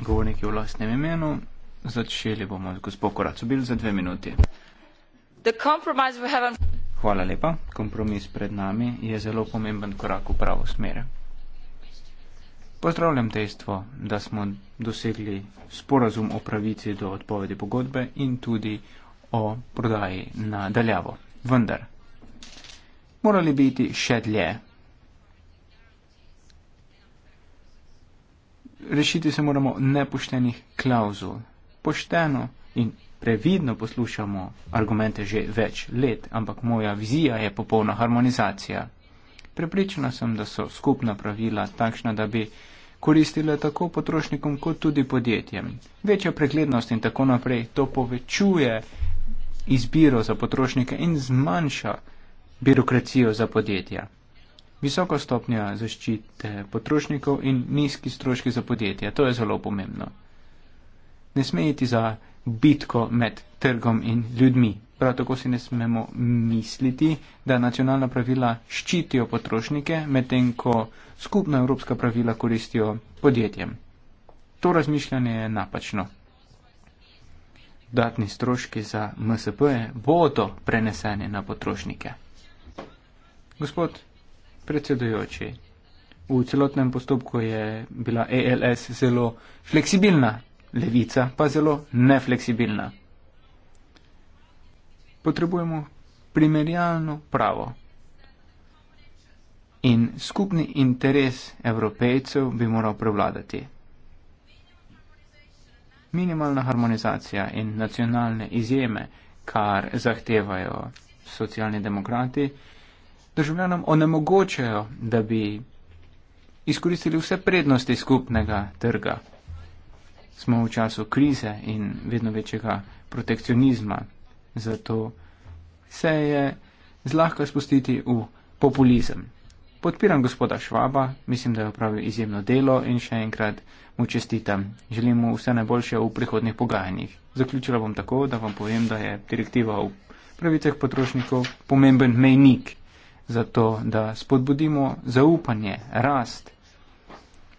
govorniki v lastnem imenu. Začeli bomo z gospod Koracobil za dve minuti. Hvala lepa. Kompromis pred nami je zelo pomemben korak v pravo smer. Pozdravljam dejstvo, da smo dosegli sporazum o pravici do odpovedi pogodbe in tudi o prodaji na daljavo. Vendar, morali biti še dlje. Rešiti se moramo nepoštenih klauzul. Pošteno in previdno poslušamo argumente že več let, ampak moja vizija je popolna harmonizacija. Prepričana sem, da so skupna pravila takšna, da bi koristile tako potrošnikom kot tudi podjetjem. Večja preglednost in tako naprej to povečuje izbiro za potrošnike in zmanjša birokracijo za podjetja. Visoka stopnja zaščite potrošnikov in nizki stroški za podjetja, to je zelo pomembno. Ne smejiti za bitko med trgom in ljudmi. Prav tako si ne smemo misliti, da nacionalna pravila ščitijo potrošnike, medtem ko skupna evropska pravila koristijo podjetjem. To razmišljanje je napačno. Dodatni stroški za MSP -e bodo preneseni na potrošnike. Gospod predsedujoči, v celotnem postopku je bila ALS e zelo fleksibilna levica pa zelo nefleksibilna. Potrebujemo primerjalno pravo. In skupni interes evropejcev bi moral prevladati. Minimalna harmonizacija in nacionalne izjeme, kar zahtevajo socialni demokrati, državljanom onemogočajo, da bi izkoristili vse prednosti skupnega trga smo v času krize in vedno večjega protekcionizma. Zato se je zlahka spustiti v populizem. Podpiram gospoda Švaba, mislim, da je opravil izjemno delo in še enkrat mu čestitam. Želim mu vse najboljše v prihodnih pogajanjih. Zaključila bom tako, da vam povem, da je direktiva v pravicah potrošnikov pomemben mejnik za to, da spodbudimo zaupanje, rast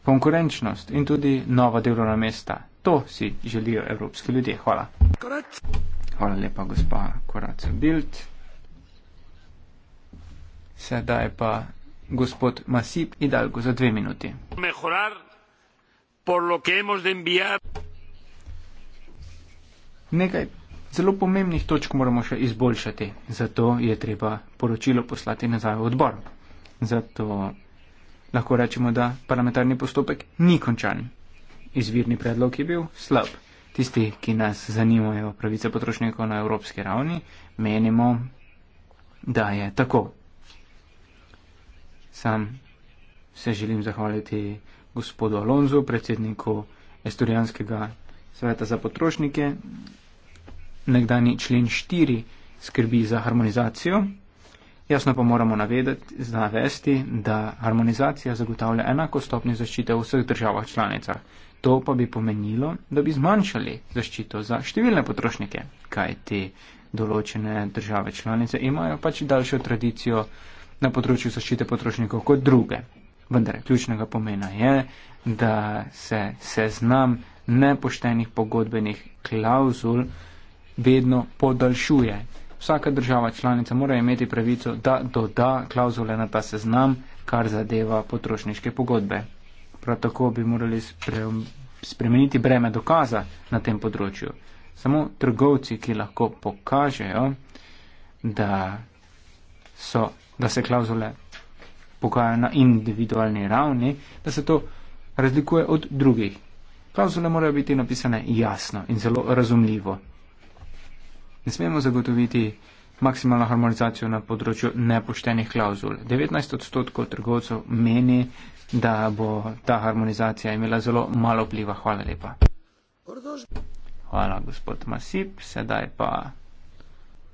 konkurenčnost in tudi nova delovna mesta. To si želijo evropski ljudje. Hvala. Hvala lepa, gospa Koraca Bild. Sedaj pa gospod Masip Idalgo za dve minuti. Nekaj zelo pomembnih točk moramo še izboljšati. Zato je treba poročilo poslati nazaj v odbor. Zato lahko rečemo, da parlamentarni postopek ni končan. Izvirni predlog je bil slab. Tisti, ki nas zanimajo pravice potrošnikov na evropski ravni, menimo, da je tako. Sam se želim zahvaliti gospodu Alonzu, predsedniku Estorijanskega sveta za potrošnike. Nekdani člen 4 skrbi za harmonizacijo. Jasno pa moramo navedeti, navesti, da harmonizacija zagotavlja enako stopnjo zaščite v vseh državah članicah. To pa bi pomenilo, da bi zmanjšali zaščito za številne potrošnike, kaj te določene države članice imajo pač daljšo tradicijo na področju zaščite potrošnikov kot druge. Vendar ključnega pomena je, da se seznam nepoštenih pogodbenih klauzul vedno podaljšuje vsaka država članica mora imeti pravico, da doda klauzule na ta seznam, kar zadeva potrošniške pogodbe. Prav tako bi morali spremeniti breme dokaza na tem področju. Samo trgovci, ki lahko pokažejo, da, so, da se klauzule pokajajo na individualni ravni, da se to razlikuje od drugih. Klauzule morajo biti napisane jasno in zelo razumljivo ne smemo zagotoviti maksimalno harmonizacijo na področju nepoštenih klauzul. 19 odstotkov trgovcev meni, da bo ta harmonizacija imela zelo malo vpliva. Hvala lepa. Hvala, gospod Masip. Sedaj pa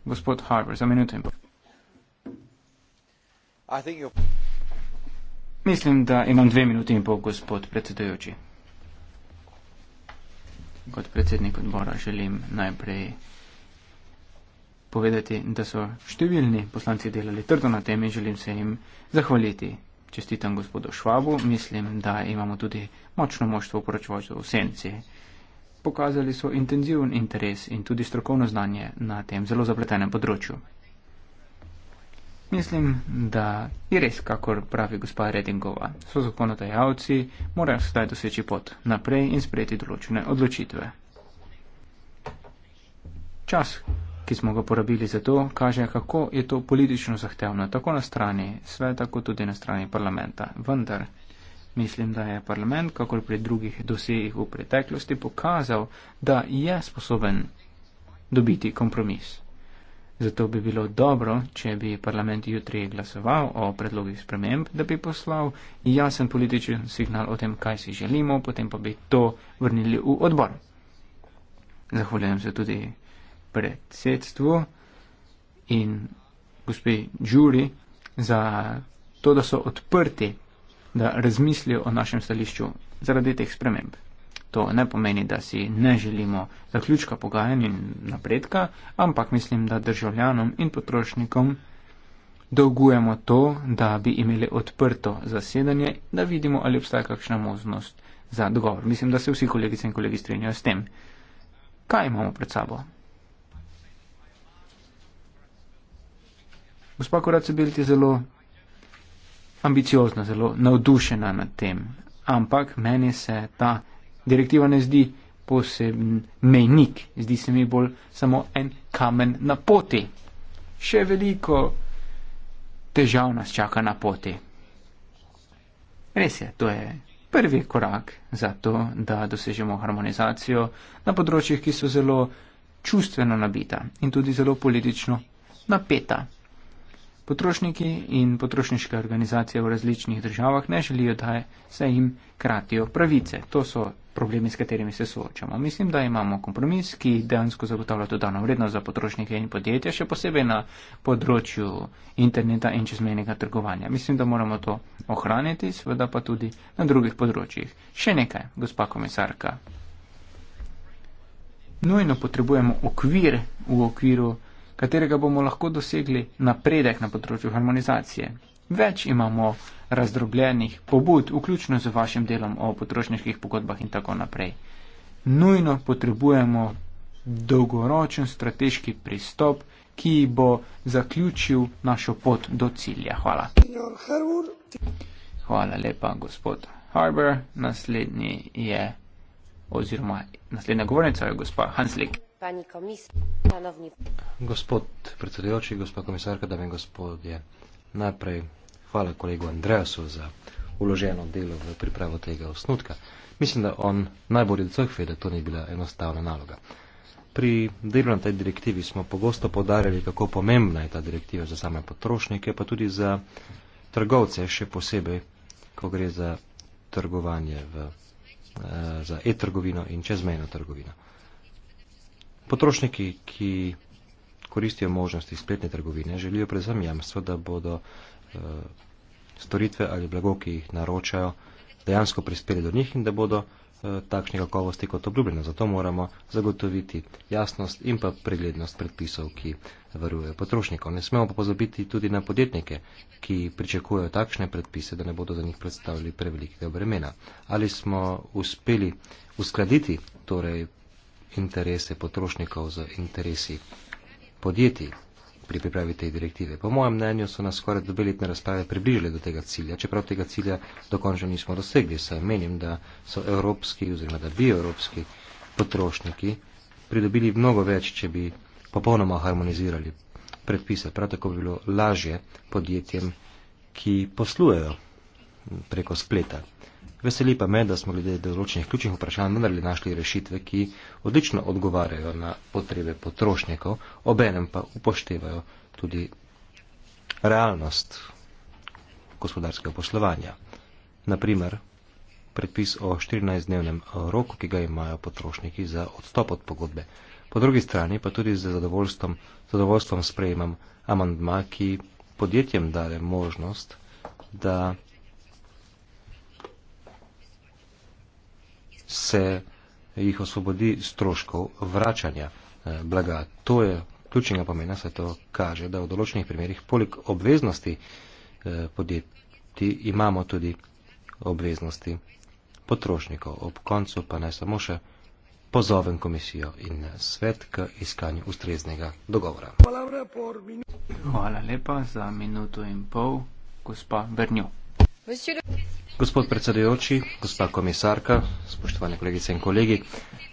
gospod Harper za minuto in pol. Mislim, da imam dve minuti in pol, gospod predsedujoči. Kot predsednik odbora želim najprej povedati, da so številni poslanci delali trdo na tem in želim se jim zahvaliti. Čestitam gospodu Švabu, mislim, da imamo tudi močno moštvo poročvočev v senci. Pokazali so intenziven interes in tudi strokovno znanje na tem zelo zapletenem področju. Mislim, da je res, kakor pravi gospa Redingova, so zakonodajalci, morajo sedaj doseči pot naprej in sprejeti določene odločitve. Čas, ki smo ga porabili za to, kaže, kako je to politično zahtevno, tako na strani sveta, kot tudi na strani parlamenta. Vendar mislim, da je parlament, kakor pri drugih dosejih v preteklosti, pokazal, da je sposoben dobiti kompromis. Zato bi bilo dobro, če bi parlament jutri glasoval o predlogih sprememb, da bi poslal jasen političen signal o tem, kaj si želimo, potem pa bi to vrnili v odbor. Zahvaljujem se tudi predsedstvu in gospe žuri za to, da so odprti, da razmislijo o našem stališču zaradi teh sprememb. To ne pomeni, da si ne želimo zaključka pogajanj in napredka, ampak mislim, da državljanom in potrošnikom dolgujemo to, da bi imeli odprto zasedanje, da vidimo, ali obstaja kakšna možnost za dogovor. Mislim, da se vsi kolegice in kolegi strinjajo s tem. Kaj imamo pred sabo? Gospa Koraca Bilt je zelo ambiciozna, zelo navdušena nad tem, ampak meni se ta direktiva ne zdi poseben mejnik, zdi se mi bolj samo en kamen na poti. Še veliko težav nas čaka na poti. Res je, to je prvi korak za to, da dosežemo harmonizacijo na področjih, ki so zelo čustveno nabita in tudi zelo politično napeta. Potrošniki in potrošniške organizacije v različnih državah ne želijo, da se jim kratijo pravice. To so problemi, s katerimi se soočamo. Mislim, da imamo kompromis, ki dejansko zagotavlja dodano vrednost za potrošnike in podjetja, še posebej na področju interneta in čezmenjega trgovanja. Mislim, da moramo to ohraniti, seveda pa tudi na drugih področjih. Še nekaj, gospa komisarka. Nujno potrebujemo okvir v okviru katerega bomo lahko dosegli napredek na področju harmonizacije. Več imamo razdrobljenih pobud, vključno z vašim delom o potrošniških pogodbah in tako naprej. Nujno potrebujemo dolgoročen strateški pristop, ki bo zaključil našo pot do cilja. Hvala. Hvala lepa, gospod Harbour. Naslednji je, oziroma naslednja govornica je gospa Hanslik gospod predsedujoči, gospa komisarka, dame in gospodje, najprej hvala kolegu Andreasu za uloženo delo v pripravo tega osnutka. Mislim, da on najbolj od vseh ve, da to ni bila enostavna naloga. Pri delu na tej direktivi smo pogosto podarjali, kako pomembna je ta direktiva za same potrošnike, pa tudi za trgovce, še posebej, ko gre za trgovanje v, eh, za e-trgovino in čezmejno trgovino. Potrošniki, ki koristijo možnosti spletne trgovine, želijo predvsem jamstvo, da bodo uh, storitve ali blago, ki jih naročajo, dejansko prispeli do njih in da bodo uh, takšne kakovosti kot obljubljene. Zato moramo zagotoviti jasnost in pa preglednost predpisov, ki varujejo potrošnikov. Ne smemo pa pozabiti tudi na podjetnike, ki pričakujejo takšne predpise, da ne bodo za njih predstavili prevelikega bremena. Ali smo uspeli uskladiti torej, interese potrošnikov z interesi podjetij pri pripravi te direktive. Po mojem mnenju so nas skoraj dobeletne razprave približile do tega cilja, čeprav tega cilja dokončno nismo dosegli, saj menim, da so evropski oziroma da bi evropski potrošniki pridobili mnogo več, če bi popolnoma harmonizirali predpise. Prav tako bi bilo lažje podjetjem, ki poslujejo preko spleta. Veseli pa me, da smo glede določenih ključnih vprašanj vendarli našli rešitve, ki odlično odgovarjajo na potrebe potrošnikov, obenem pa upoštevajo tudi realnost gospodarskega poslovanja. Naprimer, predpis o 14-dnevnem roku, ki ga imajo potrošniki za odstop od pogodbe. Po drugi strani pa tudi z zadovoljstvom, zadovoljstvom sprejemam amandma, ki podjetjem dare možnost, da se jih osvobodi stroškov vračanja eh, blaga. To je ključnega pomena, se to kaže, da v določenih primerjih, poleg obveznosti eh, podjetij, imamo tudi obveznosti potrošnikov. Ob koncu pa naj samo še pozovem komisijo in svet k iskanju ustreznega dogovora. Hvala lepa za minuto in pol, gospa Brnjo. Gospod predsedujoči, gospa komisarka, spoštovane kolegice in kolegi,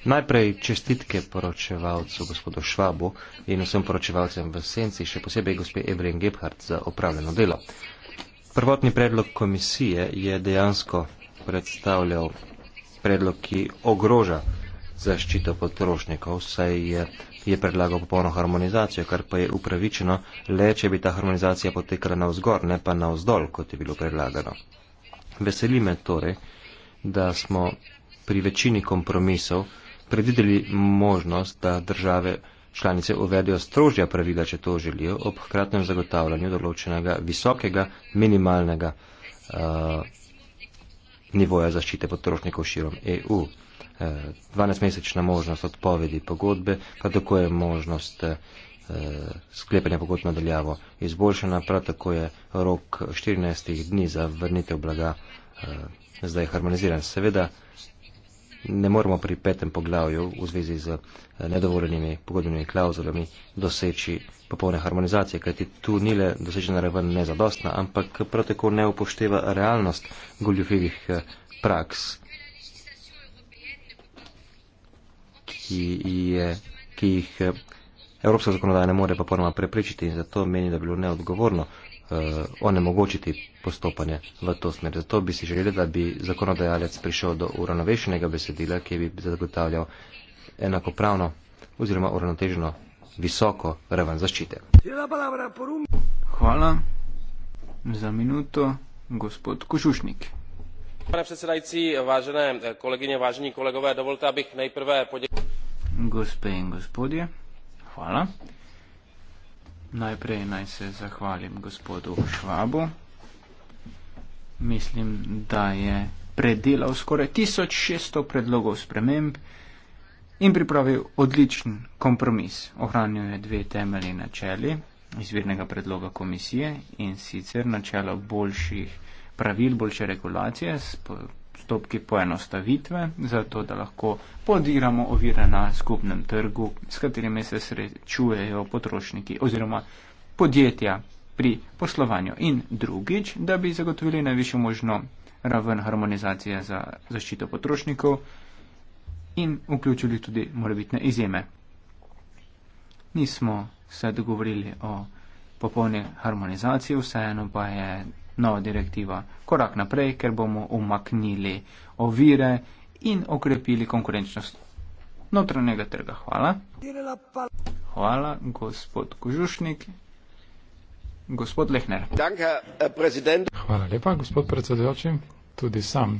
najprej čestitke poročevalcu gospodu Švabu in vsem poročevalcem v senci, še posebej gospe Evelyn Gebhardt za opravljeno delo. Prvotni predlog komisije je dejansko predstavljal predlog, ki ogroža zaščito potrošnikov, saj je je predlagal popolno harmonizacijo, kar pa je upravičeno le, če bi ta harmonizacija potekala navzgor, ne pa navzdol, kot je bilo predlagano. Veseli me torej, da smo pri večini kompromisov predvideli možnost, da države članice uvedejo strožja pravila, če to želijo, ob hkratnem zagotavljanju določenega visokega minimalnega uh, nivoja zaščite potrošnikov širom EU. 12-mesečna eh, možnost odpovedi pogodbe, pa tako je možnost eh, sklepanja pogodb na daljavo izboljšana, prav tako je rok 14 dni za vrnitev blaga eh, zdaj harmoniziran. Seveda ne moramo pri petem poglavju v zvezi z nedovoljenimi pogodbenimi klauzulami doseči popolne harmonizacije, kajti tu ni le dosečena raven nezadostna, ampak prav tako ne upošteva realnost goljufivih praks. ki, je, ki jih eh, evropska zakonodaja ne more popolnoma preprečiti in zato meni, da bi bilo neodgovorno uh, onemogočiti postopanje v to smer. Zato bi si želeli, da bi zakonodajalec prišel do uravnovešenega besedila, ki bi zagotavljal enakopravno oziroma uravnoteženo visoko raven zaščite. Hvala za minuto, gospod Košušnik. Pane předsedající, vážené kolegyně, vážení kolegové, dovolte, abych nejprve poděkoval. Gospe in gospodje, hvala. Najprej naj se zahvalim gospodu Švabu. Mislim, da je predelal skoraj 1600 predlogov sprememb in pripravil odličen kompromis. Ohranil je dve temeljni načeli izvirnega predloga komisije in sicer načelo boljših pravil, boljše regulacije, postopki poenostavitve, zato da lahko podiramo ovire na skupnem trgu, s katerimi se srečujejo potrošniki oziroma podjetja pri poslovanju in drugič, da bi zagotovili najvišjo možno raven harmonizacije za zaščito potrošnikov in vključili tudi morebitne izjeme. Nismo se dogovorili o popolni harmonizaciji, vseeno pa je nova direktiva korak naprej, ker bomo umaknili ovire in okrepili konkurenčnost notranjega trga. Hvala. Hvala, gospod Kožušnik. Gospod Lehner. Eh, Hvala lepa, gospod predsedujoči. Tudi sam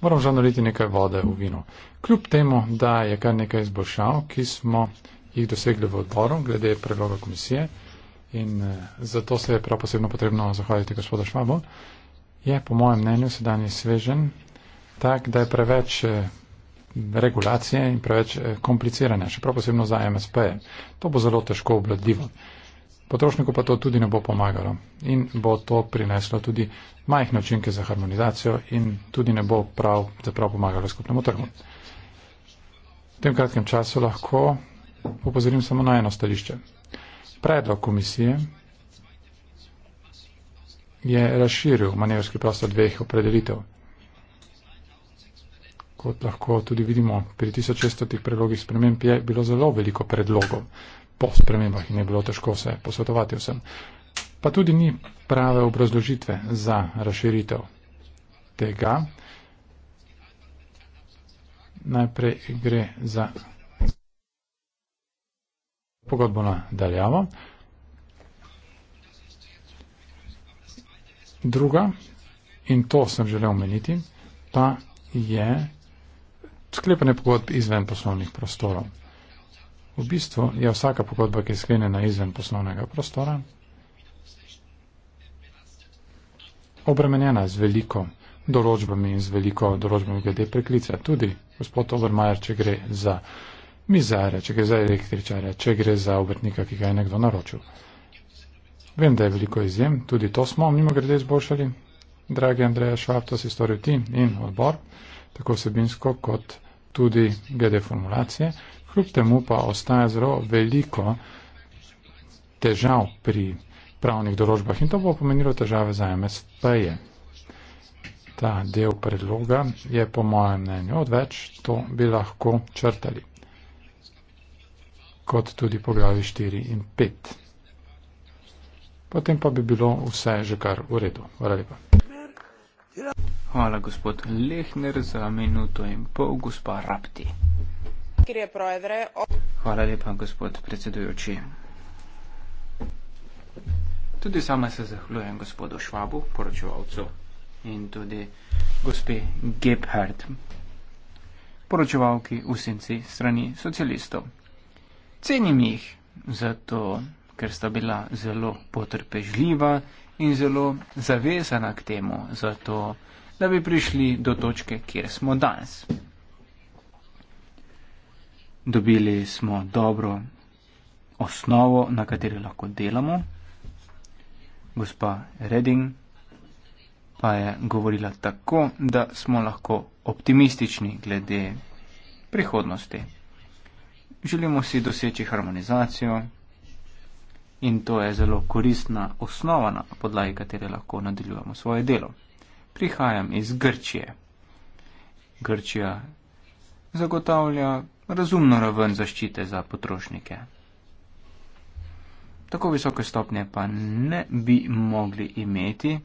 moram žal naliti nekaj vode v vino. Kljub temu, da je kar nekaj izboljšav, ki smo jih dosegli v odboru glede predloga komisije, In uh, zato se je prav posebno potrebno zahvaliti gospodu Švabu. Je po mojem mnenju sedanji svežen tak, da je preveč eh, regulacije in preveč eh, kompliciranja, še prav posebno za MSP. -je. To bo zelo težko obladljivo. Potrošniku pa to tudi ne bo pomagalo in bo to prineslo tudi majhne učinke za harmonizacijo in tudi ne bo prav, prav pomagalo skupnemu trgu. V tem kratkem času lahko opozorim samo na eno stališče predlog komisije je razširil manevrski prostor dveh opredelitev. Kot lahko tudi vidimo, pri 1600 predlogih sprememb je bilo zelo veliko predlogov po spremembah in je bilo težko se posvetovati vsem. Pa tudi ni prave obrazložitve za razširitev tega. Najprej gre za pogodbo nadaljamo. Druga, in to sem želel omeniti, pa je sklepanje pogodb izven poslovnih prostorov. V bistvu je vsaka pogodba, ki je sklenjena izven poslovnega prostora, obremenjena z veliko določbami in z veliko določbami glede preklica. Tudi gospod Obermajer, če gre za mizarja, če gre za električarja, če gre za obrtnika, ki ga je nekdo naročil. Vem, da je veliko izjem, tudi to smo mimo grede izboljšali, dragi Andreja Švab, to si storil ti in odbor, tako vsebinsko kot tudi glede formulacije. Kljub temu pa ostaja zelo veliko težav pri pravnih določbah in to bo pomenilo težave za MSP-je. Ta del predloga je po mojem mnenju odveč, to bi lahko črtali kot tudi poglavi 4 in 5. Potem pa bi bilo vse že kar v redu. Hvala lepa. Hvala gospod Lehner za minuto in pol, gospa Rapti. Hvala lepa gospod predsedujoči. Tudi sama se zahvaljujem gospodu Švabu, poročevalcu, in tudi gospe Gebhardt, poročevalki v senci strani socialistov. Cenim jih zato, ker sta bila zelo potrpežljiva in zelo zavezana k temu, zato, da bi prišli do točke, kjer smo danes. Dobili smo dobro osnovo, na kateri lahko delamo. Gospa Reding pa je govorila tako, da smo lahko optimistični glede prihodnosti. Želimo si doseči harmonizacijo in to je zelo koristna osnova, na podlagi katere lahko nadaljujemo svoje delo. Prihajam iz Grčije. Grčija zagotavlja razumno raven zaščite za potrošnike. Tako visoke stopnje pa ne bi mogli imeti,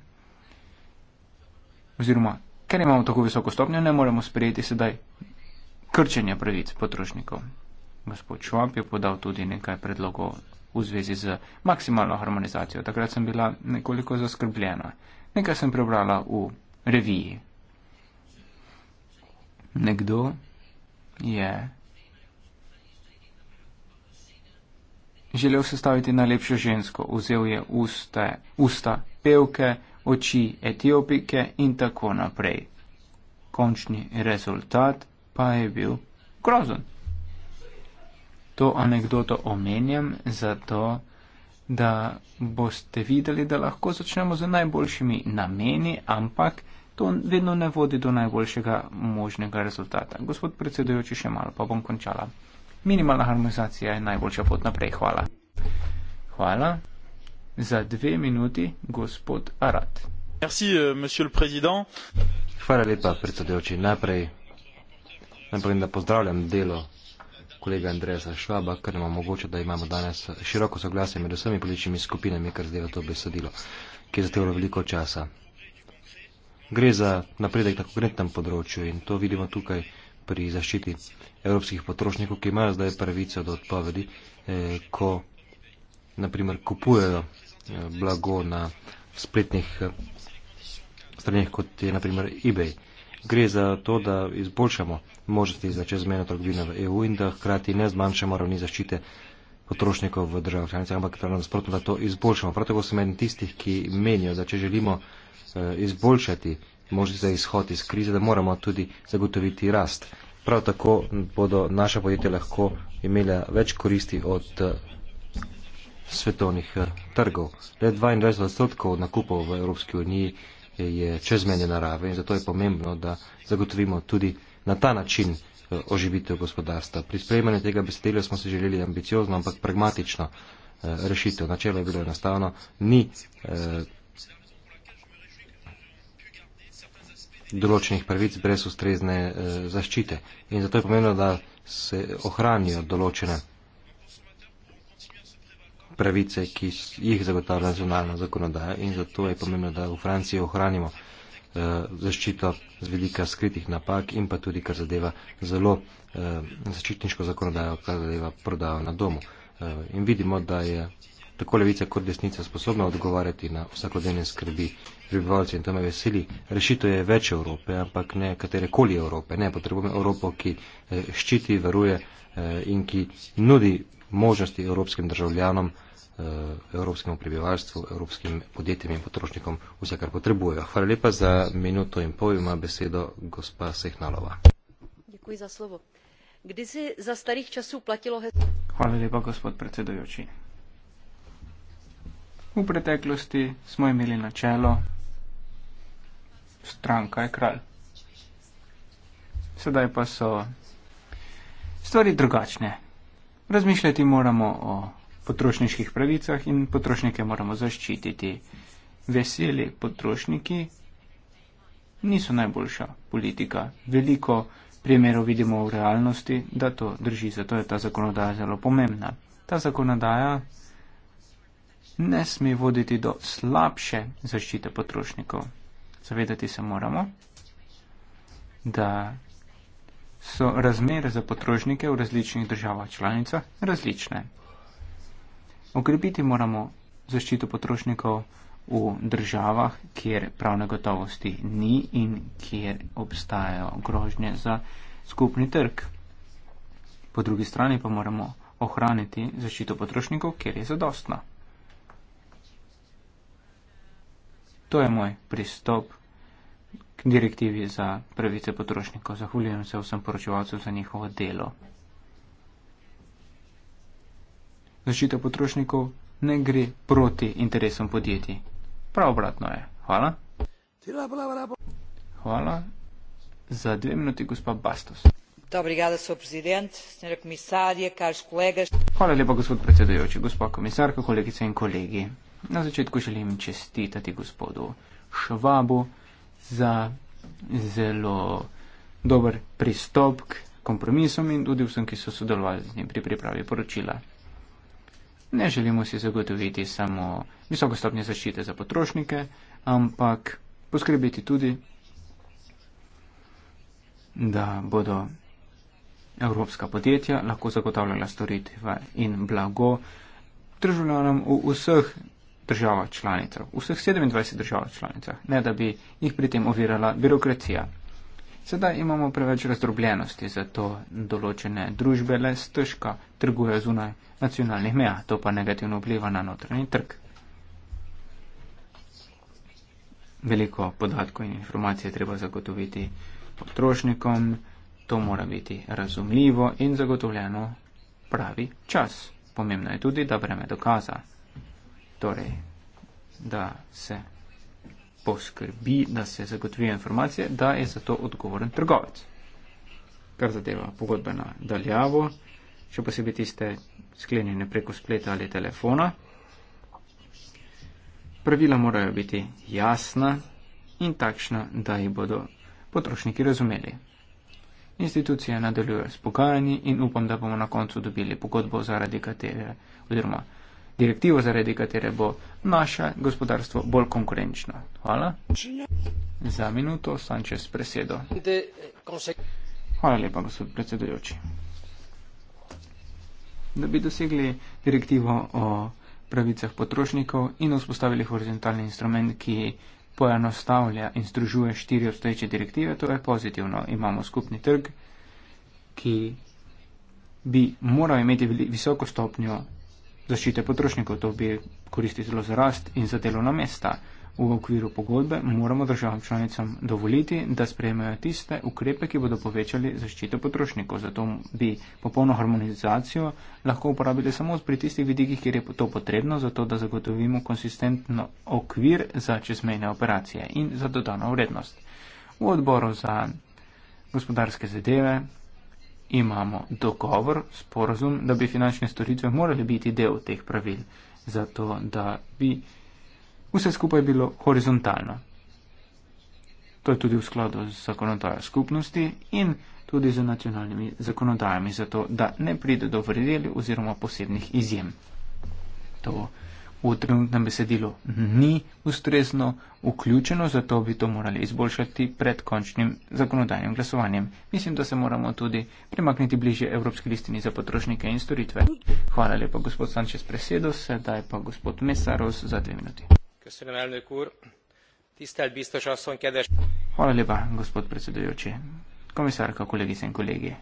oziroma ker imamo tako visoko stopnjo, ne moremo sprejeti sedaj krčenja pravic potrošnikov gospod Švamp je podal tudi nekaj predlogov v zvezi z maksimalno harmonizacijo. Takrat sem bila nekoliko zaskrbljena. Nekaj sem prebrala v reviji. Nekdo je želel sestaviti najlepšo žensko, vzel je usta, usta pevke, oči etiopike in tako naprej. Končni rezultat pa je bil grozen to anegdoto omenjam, zato da boste videli, da lahko začnemo z najboljšimi nameni, ampak to vedno ne vodi do najboljšega možnega rezultata. Gospod predsedujoči, še malo, pa bom končala. Minimalna harmonizacija je najboljša pot naprej. Hvala. Hvala. Za dve minuti, gospod Arad. Merci, euh, Hvala lepa, predsedujoči. Najprej, najprej, da pozdravljam delo kolega Andreja Švaba, kar nam omogoča, da imamo danes široko soglasje med vsemi političnimi skupinami, kar zdaj v to besedilo, ki je zatevalo veliko časa. Gre za napredek na konkretnem področju in to vidimo tukaj pri zaščiti evropskih potrošnikov, ki imajo zdaj pravico do odpovedi, eh, ko naprimer kupujejo eh, blago na spletnih eh, stranih, kot je naprimer eBay. Gre za to, da izboljšamo možnosti za čezmejno trgovino v EU in da hkrati ne zmanjšamo ravni zaščite potrošnikov v državah članicah, ampak pravno nasprotno, da to izboljšamo. Prav tako sem eden tistih, ki menijo, da če želimo eh, izboljšati možnosti za izhod iz krize, da moramo tudi zagotoviti rast. Prav tako bodo naša podjetja lahko imela več koristi od eh, svetovnih eh, trgov. Le 22 odstotkov nakupov v Evropski uniji je čezmenje narave in zato je pomembno, da zagotovimo tudi na ta način eh, oživitev gospodarstva. Pri sprejemanju tega besedila smo se želeli ambiciozno, ampak pragmatično eh, rešitev. Načelo je bilo enostavno. Ni eh, določenih pravic brez ustrezne zaščite. In zato je pomembno, da se ohranijo določene pravice, ki jih zagotavlja nacionalna zakonodaja in zato je pomembno, da v Franciji ohranimo eh, zaščito z velika skritih napak in pa tudi, kar zadeva zelo eh, zaščitniško zakonodajo, kar zadeva prodajo na domu. Eh, in vidimo, da je tako levica kot desnica sposobna odgovarjati na vsakodnevne skrbi prebivalce in to me veseli. Rešitev je več Evrope, ampak ne katerekoli Evrope. Ne, potrebujemo Evropo, ki eh, ščiti, varuje eh, in ki nudi možnosti evropskim državljanom. Eh, evropskemu prebivalstvu, evropskim podjetjem in potrošnikom vse, kar potrebujejo. Hvala lepa za minuto in pol ima besedo gospa Sehnalova. Děkuji za slovo. Kdy si za starých časů platilo hezlo? Hvala lepa, gospod predsedojoči. V preteklosti smo imeli načelo stranka je kralj. Sedaj pa so stvari drugačne. Razmišljati moramo o potrošniških pravicah in potrošnike moramo zaščititi. Veseli potrošniki niso najboljša politika. Veliko primerov vidimo v realnosti, da to drži, zato je ta zakonodaja zelo pomembna. Ta zakonodaja ne sme voditi do slabše zaščite potrošnikov. Zavedati se moramo, da so razmere za potrošnike v različnih državah članicah različne. Okrepiti moramo zaščito potrošnikov v državah, kjer pravne gotovosti ni in kjer obstajajo grožnje za skupni trg. Po drugi strani pa moramo ohraniti zaščito potrošnikov, kjer je zadostna. To je moj pristop k direktivi za pravice potrošnikov. Zahvaljujem se vsem poročevalcem za njihovo delo. zaščita potrošnikov ne gre proti interesom podjetij. Prav obratno je. Hvala. Hvala. Za dve minuti, gospa Bastos. Obrigada, Hvala lepa, gospod predsedujoči, gospa komisarka, kolegice in kolegi. Na začetku želim čestitati gospodu Švabu za zelo dober pristop k kompromisom in tudi vsem, ki so sodelovali z njim pri pripravi poročila ne želimo si zagotoviti samo visoko stopnje zaščite za potrošnike, ampak poskrbeti tudi, da bodo evropska podjetja lahko zagotavljala storitve in blago državljanom v vseh državah članicah, v vseh 27 državah članicah, ne da bi jih pri tem ovirala birokracija. Sedaj imamo preveč razdrobljenosti, zato določene družbe le stežka trguje zunaj nacionalnih meja, to pa negativno vpliva na notranji trg. Veliko podatkov in informacije treba zagotoviti potrošnikom, to mora biti razumljivo in zagotovljeno pravi čas. Pomembno je tudi, da breme dokaza, torej, da se poskrbi, da se zagotovijo informacije, da je za to odgovoren trgovec. Kar zadeva pogodbe na daljavo, še posebej tiste sklenjene preko spleta ali telefona. Pravila morajo biti jasna in takšna, da jih bodo potrošniki razumeli. Institucija nadaljuje s pogajanji in upam, da bomo na koncu dobili pogodbo, zaradi katere oziroma direktivo, zaradi katere bo naše gospodarstvo bolj konkurenčno. Hvala. Za minuto Sančes presedo. Hvala lepa, gospod predsedujoči. Da bi dosegli direktivo o pravicah potrošnikov in vzpostavili horizontalni instrument, ki poenostavlja in združuje štiri obstoječe direktive, to je pozitivno. Imamo skupni trg, ki bi moral imeti visoko stopnjo zaščite potrošnikov, to bi koristilo za rast in za delovna mesta. V okviru pogodbe moramo državam članicam dovoliti, da sprejmejo tiste ukrepe, ki bodo povečali zaščito potrošnikov. Zato bi popolno harmonizacijo lahko uporabili samo pri tistih vidikih, kjer je to potrebno, zato da zagotovimo konsistentno okvir za čezmejne operacije in za dodano vrednost. V odboru za gospodarske zadeve imamo dogovor, sporozum, da bi finančne storitve morali biti del teh pravil, zato da bi vse skupaj bilo horizontalno. To je tudi v skladu z zakonodajo skupnosti in tudi z nacionalnimi zakonodajami, zato da ne pride do vredeli oziroma posebnih izjem. To je v trenutnem besedilu ni ustrezno vključeno, zato bi to morali izboljšati pred končnim zakonodajnim glasovanjem. Mislim, da se moramo tudi premakniti bliže Evropski listini za potrošnike in storitve. Hvala lepa, gospod Sančes, presedo, sedaj pa gospod Mesaros za dve minuti. Hvala lepa, gospod predsedujoči, komisarka, kolegice in kolegi.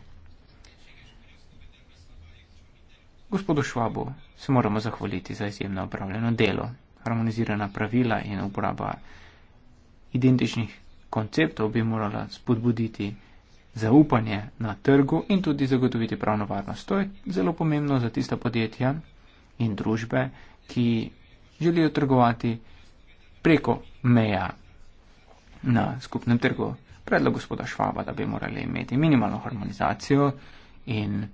Gospodu Švabu se moramo zahvaliti za izjemno opravljeno delo. Harmonizirana pravila in uporaba identičnih konceptov bi morala spodbuditi zaupanje na trgu in tudi zagotoviti pravno varnost. To je zelo pomembno za tista podjetja in družbe, ki želijo trgovati preko meja na skupnem trgu. Predlog gospoda Švaba, da bi morali imeti minimalno harmonizacijo in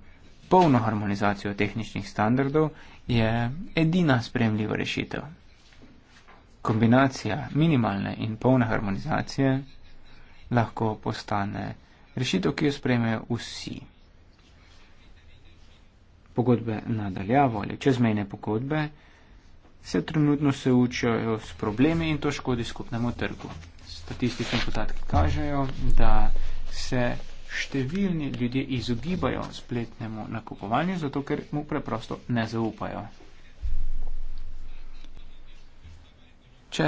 polno harmonizacijo tehničnih standardov je edina spremljiva rešitev. Kombinacija minimalne in polne harmonizacije lahko postane rešitev, ki jo spremejo vsi. Pogodbe nadaljavo ali čezmejne pogodbe se trenutno se učijo s problemi in to škodi skupnemu trgu. Statistični podatki kažejo, da se številni ljudje izogibajo spletnemu nakupovanju, zato ker mu preprosto ne zaupajo. Če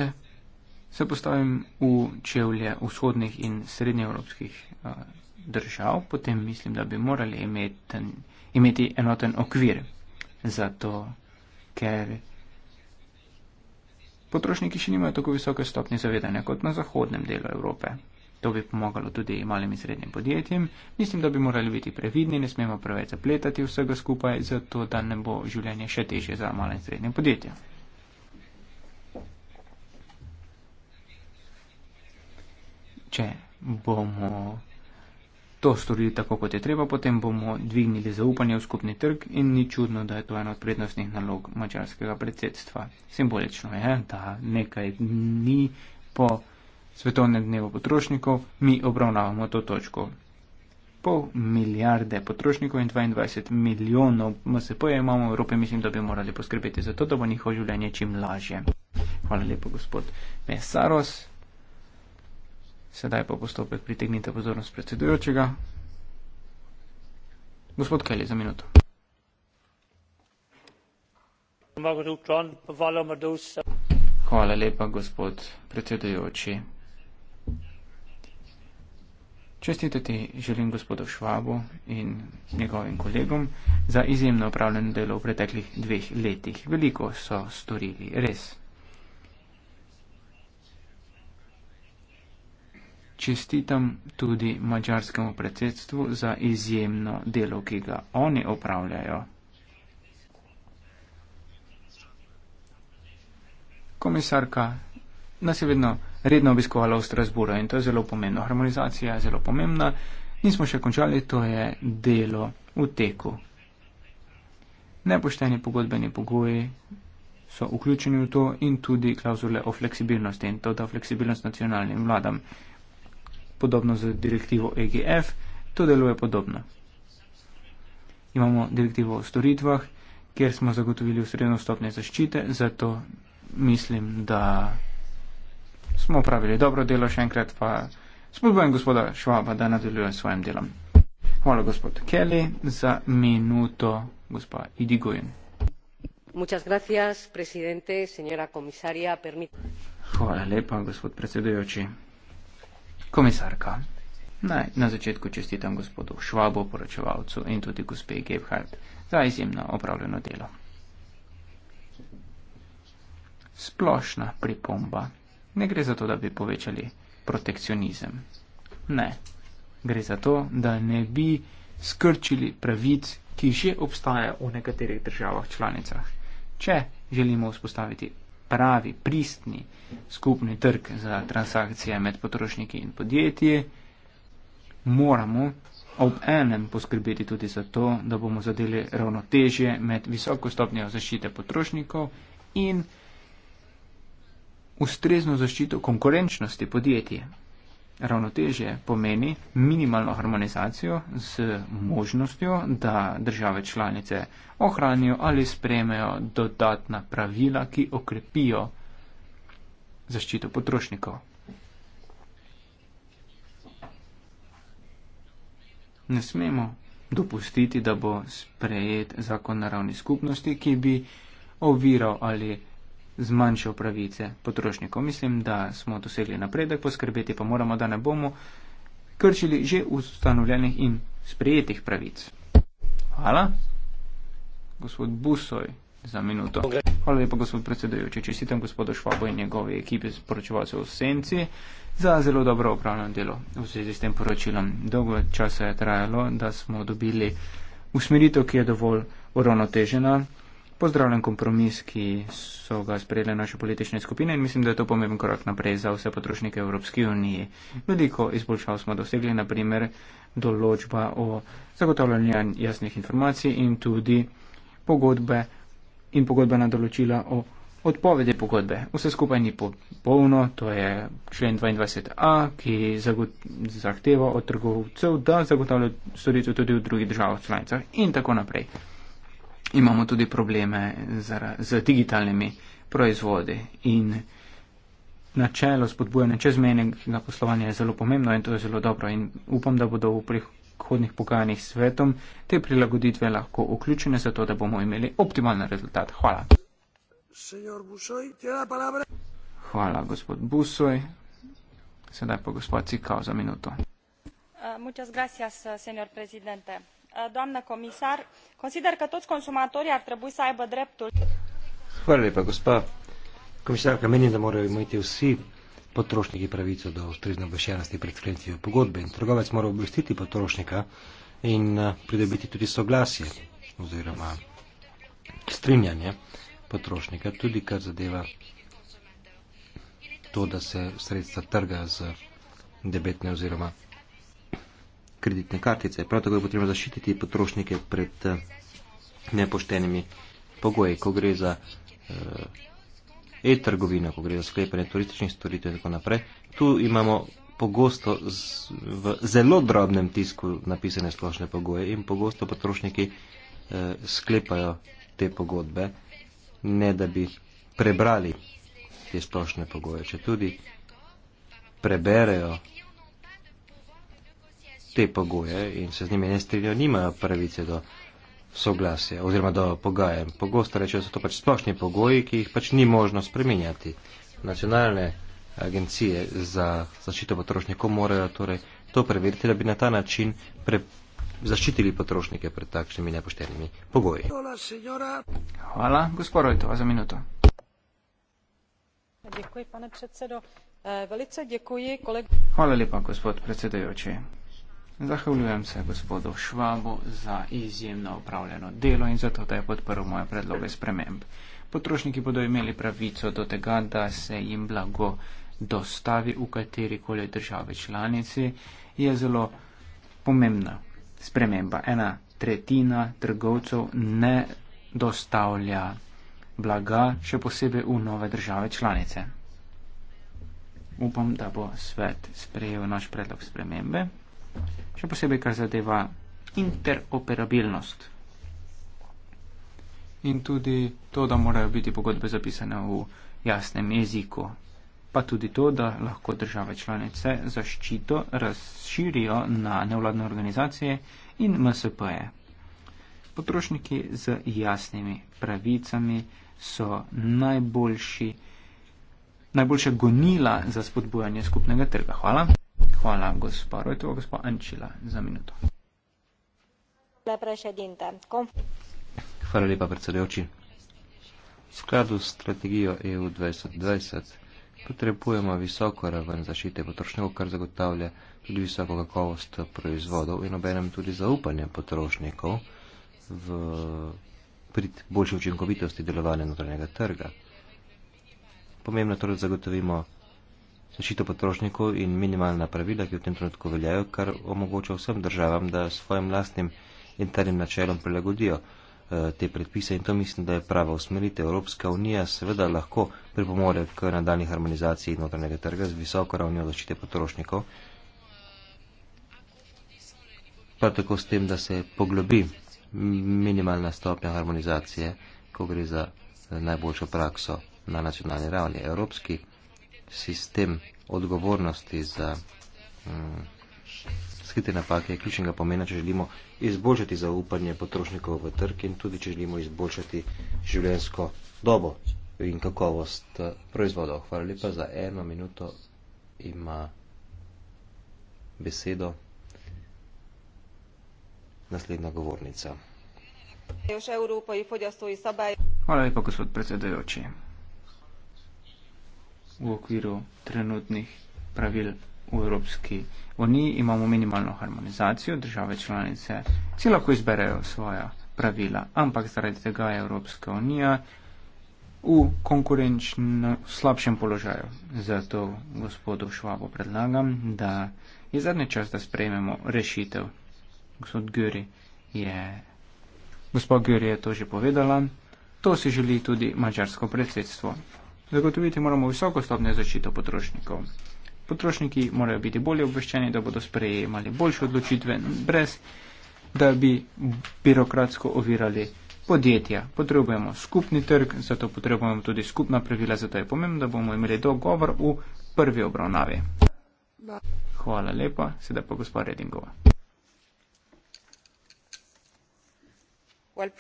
se postavim v čevlje vzhodnih in srednjeevropskih eh, držav, potem mislim, da bi morali imeten, imeti enoten okvir za to, ker potrošniki še nimajo tako visoke stopnje zavedanja kot na zahodnem delu Evrope. To bi pomagalo tudi malim in srednjim podjetjem. Mislim, da bi morali biti previdni, ne smemo preveč zapletati vsega skupaj, zato da ne bo življenje še težje za malim in srednjim podjetjem. Če bomo to storili tako, kot je treba, potem bomo dvignili zaupanje v skupni trg in ni čudno, da je to ena od prednostnih nalog mačarskega predsedstva. Simbolično je, da nekaj ni po svetovnem dnevu potrošnikov, mi obravnavamo to točko. Pol milijarde potrošnikov in 22 milijonov MSP-jev imamo v Evropi, mislim, da bi morali poskrbeti za to, da bo njihovo življenje čim lažje. Hvala lepo, gospod Mesaros. Sedaj pa postopek pritegnite pozornost predsedujočega. Gospod Kelly, za minuto. Hvala lepa, gospod predsedujoči. Čestitati želim gospodu Švabu in njegovim kolegom za izjemno upravljeno delo v preteklih dveh letih. Veliko so storili, res. Čestitam tudi mađarskemu predsedstvu za izjemno delo, ki ga oni opravljajo. Komisarka, nas je vedno redno obiskovala v Strasburu in to je zelo pomembno. Harmonizacija je zelo pomembna. Nismo še končali, to je delo v teku. Nepošteni pogodbeni pogoji so vključeni v to in tudi klauzule o fleksibilnosti in to da fleksibilnost nacionalnim vladam. Podobno z direktivo EGF, to deluje podobno. Imamo direktivo o storitvah, kjer smo zagotovili ustrezno stopnje zaščite, zato mislim, da smo upravili dobro delo še enkrat, pa spodbujem gospoda Švaba, da nadaljuje s svojim delom. Hvala gospod Kelly za minuto, gospa Idigojen. Hvala lepa, gospod predsedujoči. Komisarka, naj na začetku čestitam gospodu Švabu, poročevalcu in tudi gospe Gebhardt za izjemno opravljeno delo. Splošna pripomba ne gre za to, da bi povečali protekcionizem. Ne, gre za to, da ne bi skrčili pravic, ki že obstajajo v nekaterih državah članicah. Če želimo vzpostaviti pravi, pristni skupni trg za transakcije med potrošniki in podjetji, moramo ob enem poskrbeti tudi za to, da bomo zadeli ravnotežje med visoko stopnjo zaščite potrošnikov in potrošnikov ustrezno zaščito konkurenčnosti podjetij. Ravnotežje pomeni minimalno harmonizacijo z možnostjo, da države članice ohranijo ali sprejmejo dodatna pravila, ki okrepijo zaščito potrošnikov. Ne smemo dopustiti, da bo sprejet zakon na ravni skupnosti, ki bi oviral ali zmanjšal pravice potrošnikov. Mislim, da smo dosegli napredek, poskrbeti pa moramo, da ne bomo krčili že ustanovljenih in sprejetih pravic. Hvala. Gospod Busoj, za minuto. Hvala lepa, gospod predsedujoči. Čestitam gospodu Švabo in njegovi ekipi sporočevalcev v Senci za zelo dobro opravljeno delo v zvezi s tem poročilom. Dolgo časa je trajalo, da smo dobili usmeritev, ki je dovolj uravnotežena pozdravljen kompromis, ki so ga sprejele naše politične skupine in mislim, da je to pomemben korak naprej za vse potrošnike Evropske unije. Veliko izboljšav smo dosegli, naprimer določba o zagotavljanju jasnih informacij in tudi pogodbe in pogodbena določila o odpovedi pogodbe. Vse skupaj ni popolno, to je člen 22a, ki zahteva od trgovcev, da zagotavljajo storitev tudi v drugih državah članicah in tako naprej imamo tudi probleme z, z digitalnimi proizvodi. In načelo spodbujanja čezmenjega poslovanja je zelo pomembno in to je zelo dobro. In upam, da bodo v prihodnih pogajanjih s svetom te prilagoditve lahko vključene, zato da bomo imeli optimalen rezultat. Hvala. Hvala, gospod Busoj. Sedaj pa gospod Cikao za minuto. Eh, muchas gracias, eh, señor presidente. Eh, doamnă comisar consider că toți consumatorii ar trebui să aibă dreptul Hvala lepa, gospa komisarka, menim, da morajo imeti vsi potrošniki pravico do ustrezne obveščenosti pred sklenitvijo pogodbe. Trgovec mora obvestiti potrošnika in eh, pridobiti tudi soglasje oziroma strinjanje potrošnika, tudi kar zadeva to, da se sredstva trga z debetne oziroma kreditne kartice. Prav tako je potrebno zaščititi potrošnike pred eh, nepoštenimi pogoji, ko gre za eh, e-trgovino, ko gre za sklepanje turističnih storitev in tako naprej. Tu imamo pogosto v zelo drobnem tisku napisane splošne pogoje in pogosto potrošniki eh, sklepajo te pogodbe, ne da bi prebrali te splošne pogoje. Če tudi preberejo te pogoje in se z njimi ne strinjajo, nimajo pravice do soglasja oziroma do pogajanj. Pogosto rečejo, da so to pač splošni pogoji, ki jih pač ni možno spremenjati. Nacionalne agencije za zaščito potrošnikov morajo torej to preveriti, da bi na ta način pre zaščitili potrošnike pred takšnimi nepoštenimi pogoji. Hvala, gospod Rojtova, za minuto. Děkuji, pane předsedo. Eh, velice děkuji, kolegu. Hvala lepa, gospod predsedajoči. Zahvaljujem se gospodu Švabu za izjemno upravljeno delo in zato, da je podprl moje predloge sprememb. Potrošniki bodo imeli pravico do tega, da se jim blago dostavi v katerikoli državi članici, je zelo pomembna sprememba. Ena tretjina trgovcev ne dostavlja blaga, še posebej v nove države članice. Upam, da bo svet sprejel naš predlog spremembe še posebej kar zadeva interoperabilnost. In tudi to, da morajo biti pogodbe zapisane v jasnem jeziku. Pa tudi to, da lahko države članice zaščito razširijo na nevladne organizacije in MSP-je. Potrošniki z jasnimi pravicami so najboljši, najboljša gonila za spodbujanje skupnega trga. Hvala. Hvala, gospa Rojtova. Gospa Ančila, za minuto. Hvala lepa, predsedujoči. V skladu s strategijo EU 2020 potrebujemo visoko raven zaščite potrošnikov, kar zagotavlja tudi visoko kakovost proizvodov in obenem tudi zaupanje potrošnikov v prid boljši učinkovitosti delovanja notranjega trga. Pomembno torej zagotovimo zaščito potrošnikov in minimalna pravila, ki v tem trenutku veljajo, kar omogoča vsem državam, da svojim lastnim internim načelom prilagodijo eh, te predpise in to mislim, da je prava usmerite. Evropska unija seveda lahko pripomore k nadaljni harmonizaciji notranjega trga z visoko ravnjo zaščite potrošnikov. Prav tako s tem, da se poglobi minimalna stopnja harmonizacije, ko gre za eh, najboljšo prakso na nacionalni ravni. Evropski sistem odgovornosti za mm, skrite napake, ključnega pomena, če želimo izboljšati zaupanje potrošnikov v trg in tudi, če želimo izboljšati življenjsko dobo in kakovost eh, proizvodov. Hvala lepa za eno minuto ima besedo naslednja govornica. Hvala lepa, gospod predsedujoči v okviru trenutnih pravil v Evropski uniji. Imamo minimalno harmonizacijo, države članice si lahko izberejo svoja pravila, ampak zaradi tega je Evropska unija v konkurenčno slabšem položaju. Zato gospodu Švabo predlagam, da je zadnji čas, da sprejmemo rešitev. Gospod Gyri je, gospod Gyri je to že povedala, to si želi tudi mačarsko predsedstvo. Zagotoviti moramo visoko stopnjo zaščito potrošnikov. Potrošniki morajo biti bolje obveščeni, da bodo sprejemali boljše odločitve, brez da bi birokratsko ovirali podjetja. Potrebujemo skupni trg, zato potrebujemo tudi skupna pravila, zato je pomembno, da bomo imeli dogovor v prvi obravnavi. Hvala lepa, sedaj pa gospod Redingova. Well,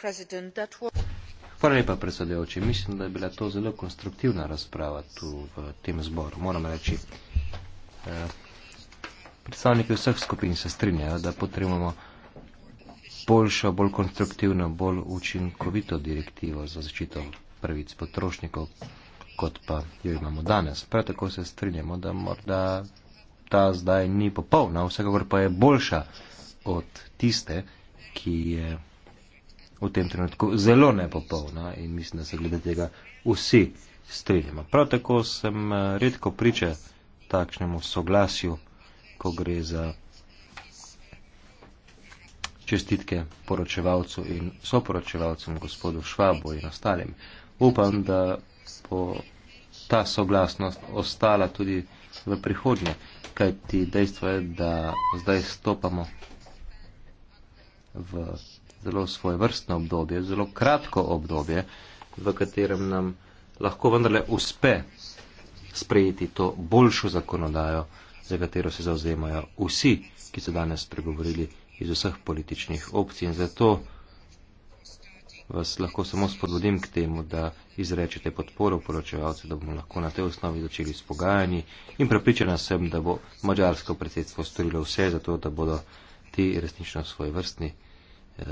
Hvala lepa, predsedujoči. Mislim, da je bila to zelo konstruktivna razprava tu v tem zboru. Moram reči, eh, predstavniki vseh skupin se strinjajo, da potrebujemo boljšo, bolj konstruktivno, bolj učinkovito direktivo za zaščito pravic potrošnikov, kot pa jo imamo danes. Prav tako se strinjamo, da morda ta zdaj ni popolna, vsekakor pa je boljša od tiste, ki je v tem trenutku zelo nepopolna in mislim, da se glede tega vsi strinjamo. Prav tako sem eh, redko priča takšnemu soglasju, ko gre za čestitke poročevalcu in soporočevalcem gospodu Švabu in ostalim. Upam, da bo ta soglasnost ostala tudi v prihodnje, kajti dejstvo je, da zdaj stopamo v zelo svojevrstno obdobje, zelo kratko obdobje, v katerem nam lahko vendarle uspe sprejeti to boljšo zakonodajo, za katero se zauzemajo vsi, ki so danes pregovorili iz vseh političnih opcij. In zato vas lahko samo spodbudim k temu, da izrečete podporo poročevalcev, da bomo lahko na tej osnovi začeli s pogajanji in prepričana sem, da bo mađarsko predsedstvo storilo vse za to, da bodo ti resnično svojevrstni. Eh,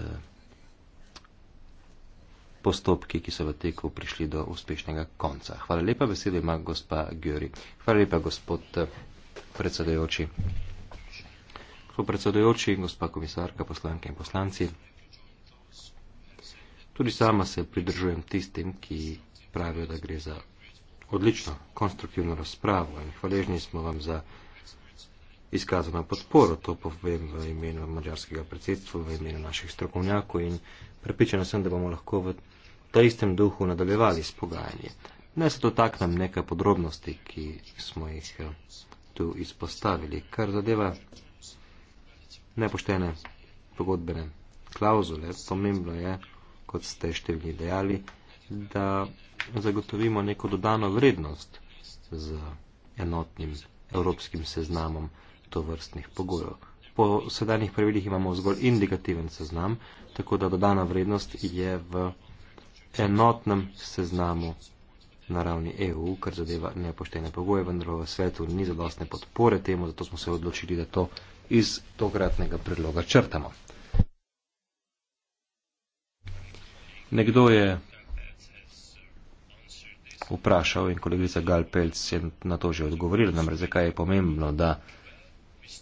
postopki, ki so v teku prišli do uspešnega konca. Hvala lepa, besedo ima gospa Gjuri. Hvala lepa, gospod eh, predsedojoči. Gospod predsedojoči, gospa komisarka, poslanke in poslanci. Tudi sama se pridržujem tistim, ki pravijo, da gre za odlično konstruktivno razpravo in hvaležni smo vam za izkazano podporo, to povem v imenu mađarskega predsedstva, v imenu naših strokovnjakov in prepričana sem, da bomo lahko v ta istem duhu nadaljevali s pogajanji. Naj se dotaknem nekaj podrobnosti, ki smo jih eh, tu izpostavili, kar zadeva nepoštene pogodbene klauzule. Pomembno je, kot ste številni dejali, da zagotovimo neko dodano vrednost z enotnim evropskim seznamom to vrstnih pogojev. Po sedajnih pravilih imamo zgolj indikativen seznam, tako da dodana vrednost je v enotnem seznamu na ravni EU, kar zadeva nepoštene pogoje, vendar v svetu ni zadostne podpore temu, zato smo se odločili, da to iz tokratnega predloga črtamo. Nekdo je vprašal in kolegica Galpelc je na to že odgovorila, namreč zakaj je pomembno, da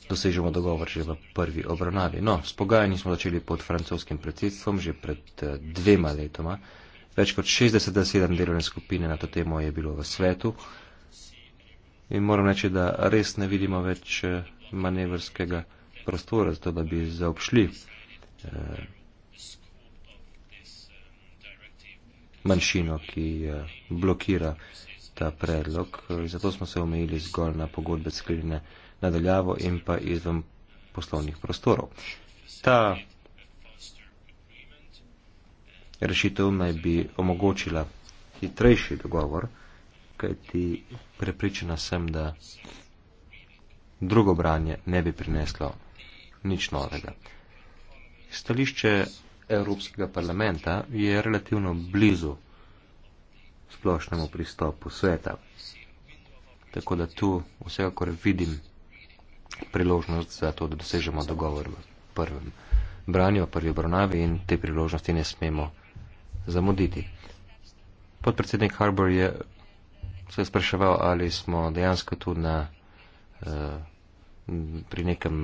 dosežemo dogovor že v prvi obravnavi. No, s pogajanji smo začeli pod francoskim predsedstvom že pred eh, dvema letoma. Več kot 67 delovne skupine na to temo je bilo v svetu in moram reči, da res ne vidimo več eh, manevrskega prostora, zato da bi zaobšli eh, manjšino, ki blokira ta predlog. Zato smo se omejili zgolj na pogodbe sklenjene nadaljavo in pa izven poslovnih prostorov. Ta rešitev naj bi omogočila hitrejši dogovor, kajti prepričana sem, da drugo branje ne bi prineslo nič novega. Stališče Evropskega parlamenta je relativno blizu splošnemu pristopu sveta, tako da tu vsekakor vidim priložnost za to, da dosežemo dogovor v prvem branju, v prvi obravnavi in te priložnosti ne smemo zamuditi. Podpredsednik Harbour je se spraševal, ali smo dejansko tu na, eh, pri nekem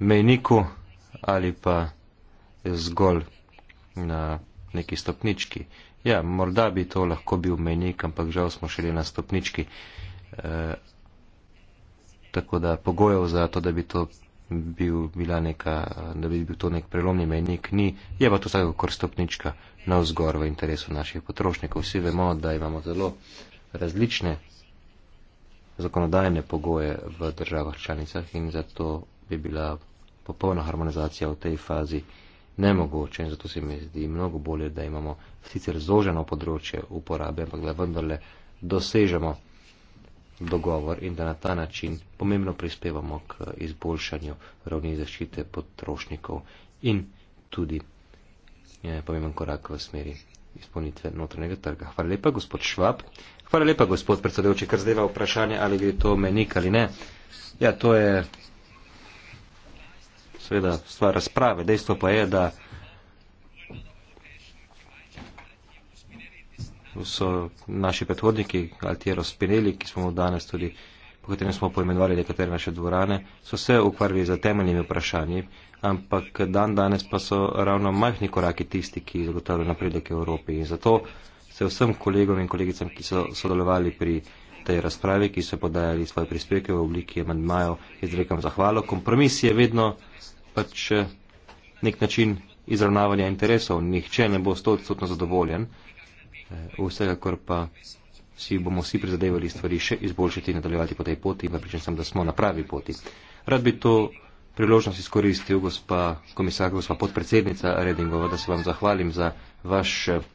mejniku ali pa zgolj na neki stopnički. Ja, morda bi to lahko bil mejnik, ampak žal smo šele na stopnički. Eh, Tako da pogojev za to, da bi to bil, bila neka, da bi bil to nek prelomni menjnik, ni, je pa to vsakakor stopnička na vzgor v interesu naših potrošnikov. Vsi vemo, da imamo zelo različne zakonodajne pogoje v državah članicah in zato bi bila popolna harmonizacija v tej fazi nemogoče in zato se mi zdi mnogo bolje, da imamo sicer zloženo področje uporabe, ampak da vendarle dosežemo dogovor in da na ta način pomembno prispevamo k izboljšanju ravni zaščite potrošnikov in tudi je, pomemben korak v smeri izpolnitve notranjega trga. Hvala lepa, gospod Švab. Hvala lepa, gospod predsedujoči, kar zdaj vprašanje, ali gre to menik ali ne. Ja, to je seveda stvar razprave. Dejstvo pa je, da so naši predhodniki, Altiero Spinelli, ki smo danes tudi, po katerem smo poimenovali nekatere naše dvorane, so se ukvarjali z temeljnimi vprašanji, ampak dan danes pa so ravno majhni koraki tisti, ki zagotavljajo napredek Evropi. In zato se vsem kolegom in kolegicam, ki so sodelovali pri tej razpravi, ki so podajali svoje prispevke v obliki amandmajev, izrekam zahvalo. Kompromis je vedno pač eh, nek način izravnavanja interesov. Nihče ne bo stotstotno zadovoljen, Eh, vsekakor pa si bomo vsi prizadevali stvari še izboljšati in nadaljevati po tej poti, pa pričem sem, da smo na pravi poti. Rad bi to priložnost izkoristil, gospa komisar, gospa podpredsednica Redingova, da se vam zahvalim za vaš eh,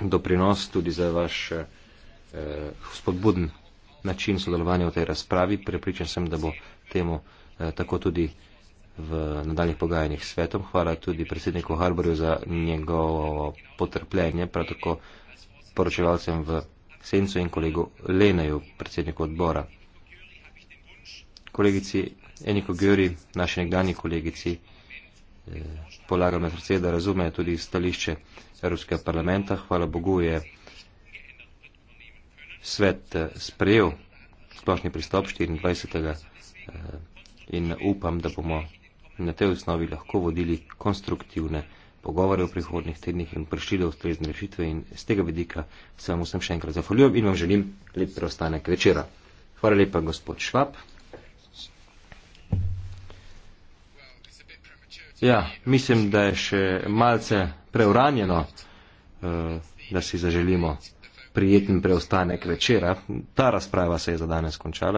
doprinos, tudi za vaš eh, spodbudni način sodelovanja v tej razpravi. Prepričan sem, da bo temu eh, tako tudi v nadaljnih pogajanjih s svetom. Hvala tudi predsedniku Harborju za njegovo potrpljenje, prav tako poročevalcem v Sencu in kolegu Lenaju, predsedniku odbora. Kolegici Eniko Gjuri, naši nekdani kolegici, eh, polagam na srce, da razume tudi stališče Evropskega parlamenta. Hvala Bogu je svet eh, sprejel splošni pristop 24. Eh, in upam, da bomo in na tej osnovi lahko vodili konstruktivne pogovore v prihodnih tednih in prišli do ustrezne rešitve. In z tega vidika se vam vsem še enkrat zahvaljujem in vam želim lep preostanek večera. Hvala lepa, gospod Švab. Ja, mislim, da je še malce preuranjeno, eh, da si zaželimo prijeten preostanek večera. Ta razprava se je za danes končala.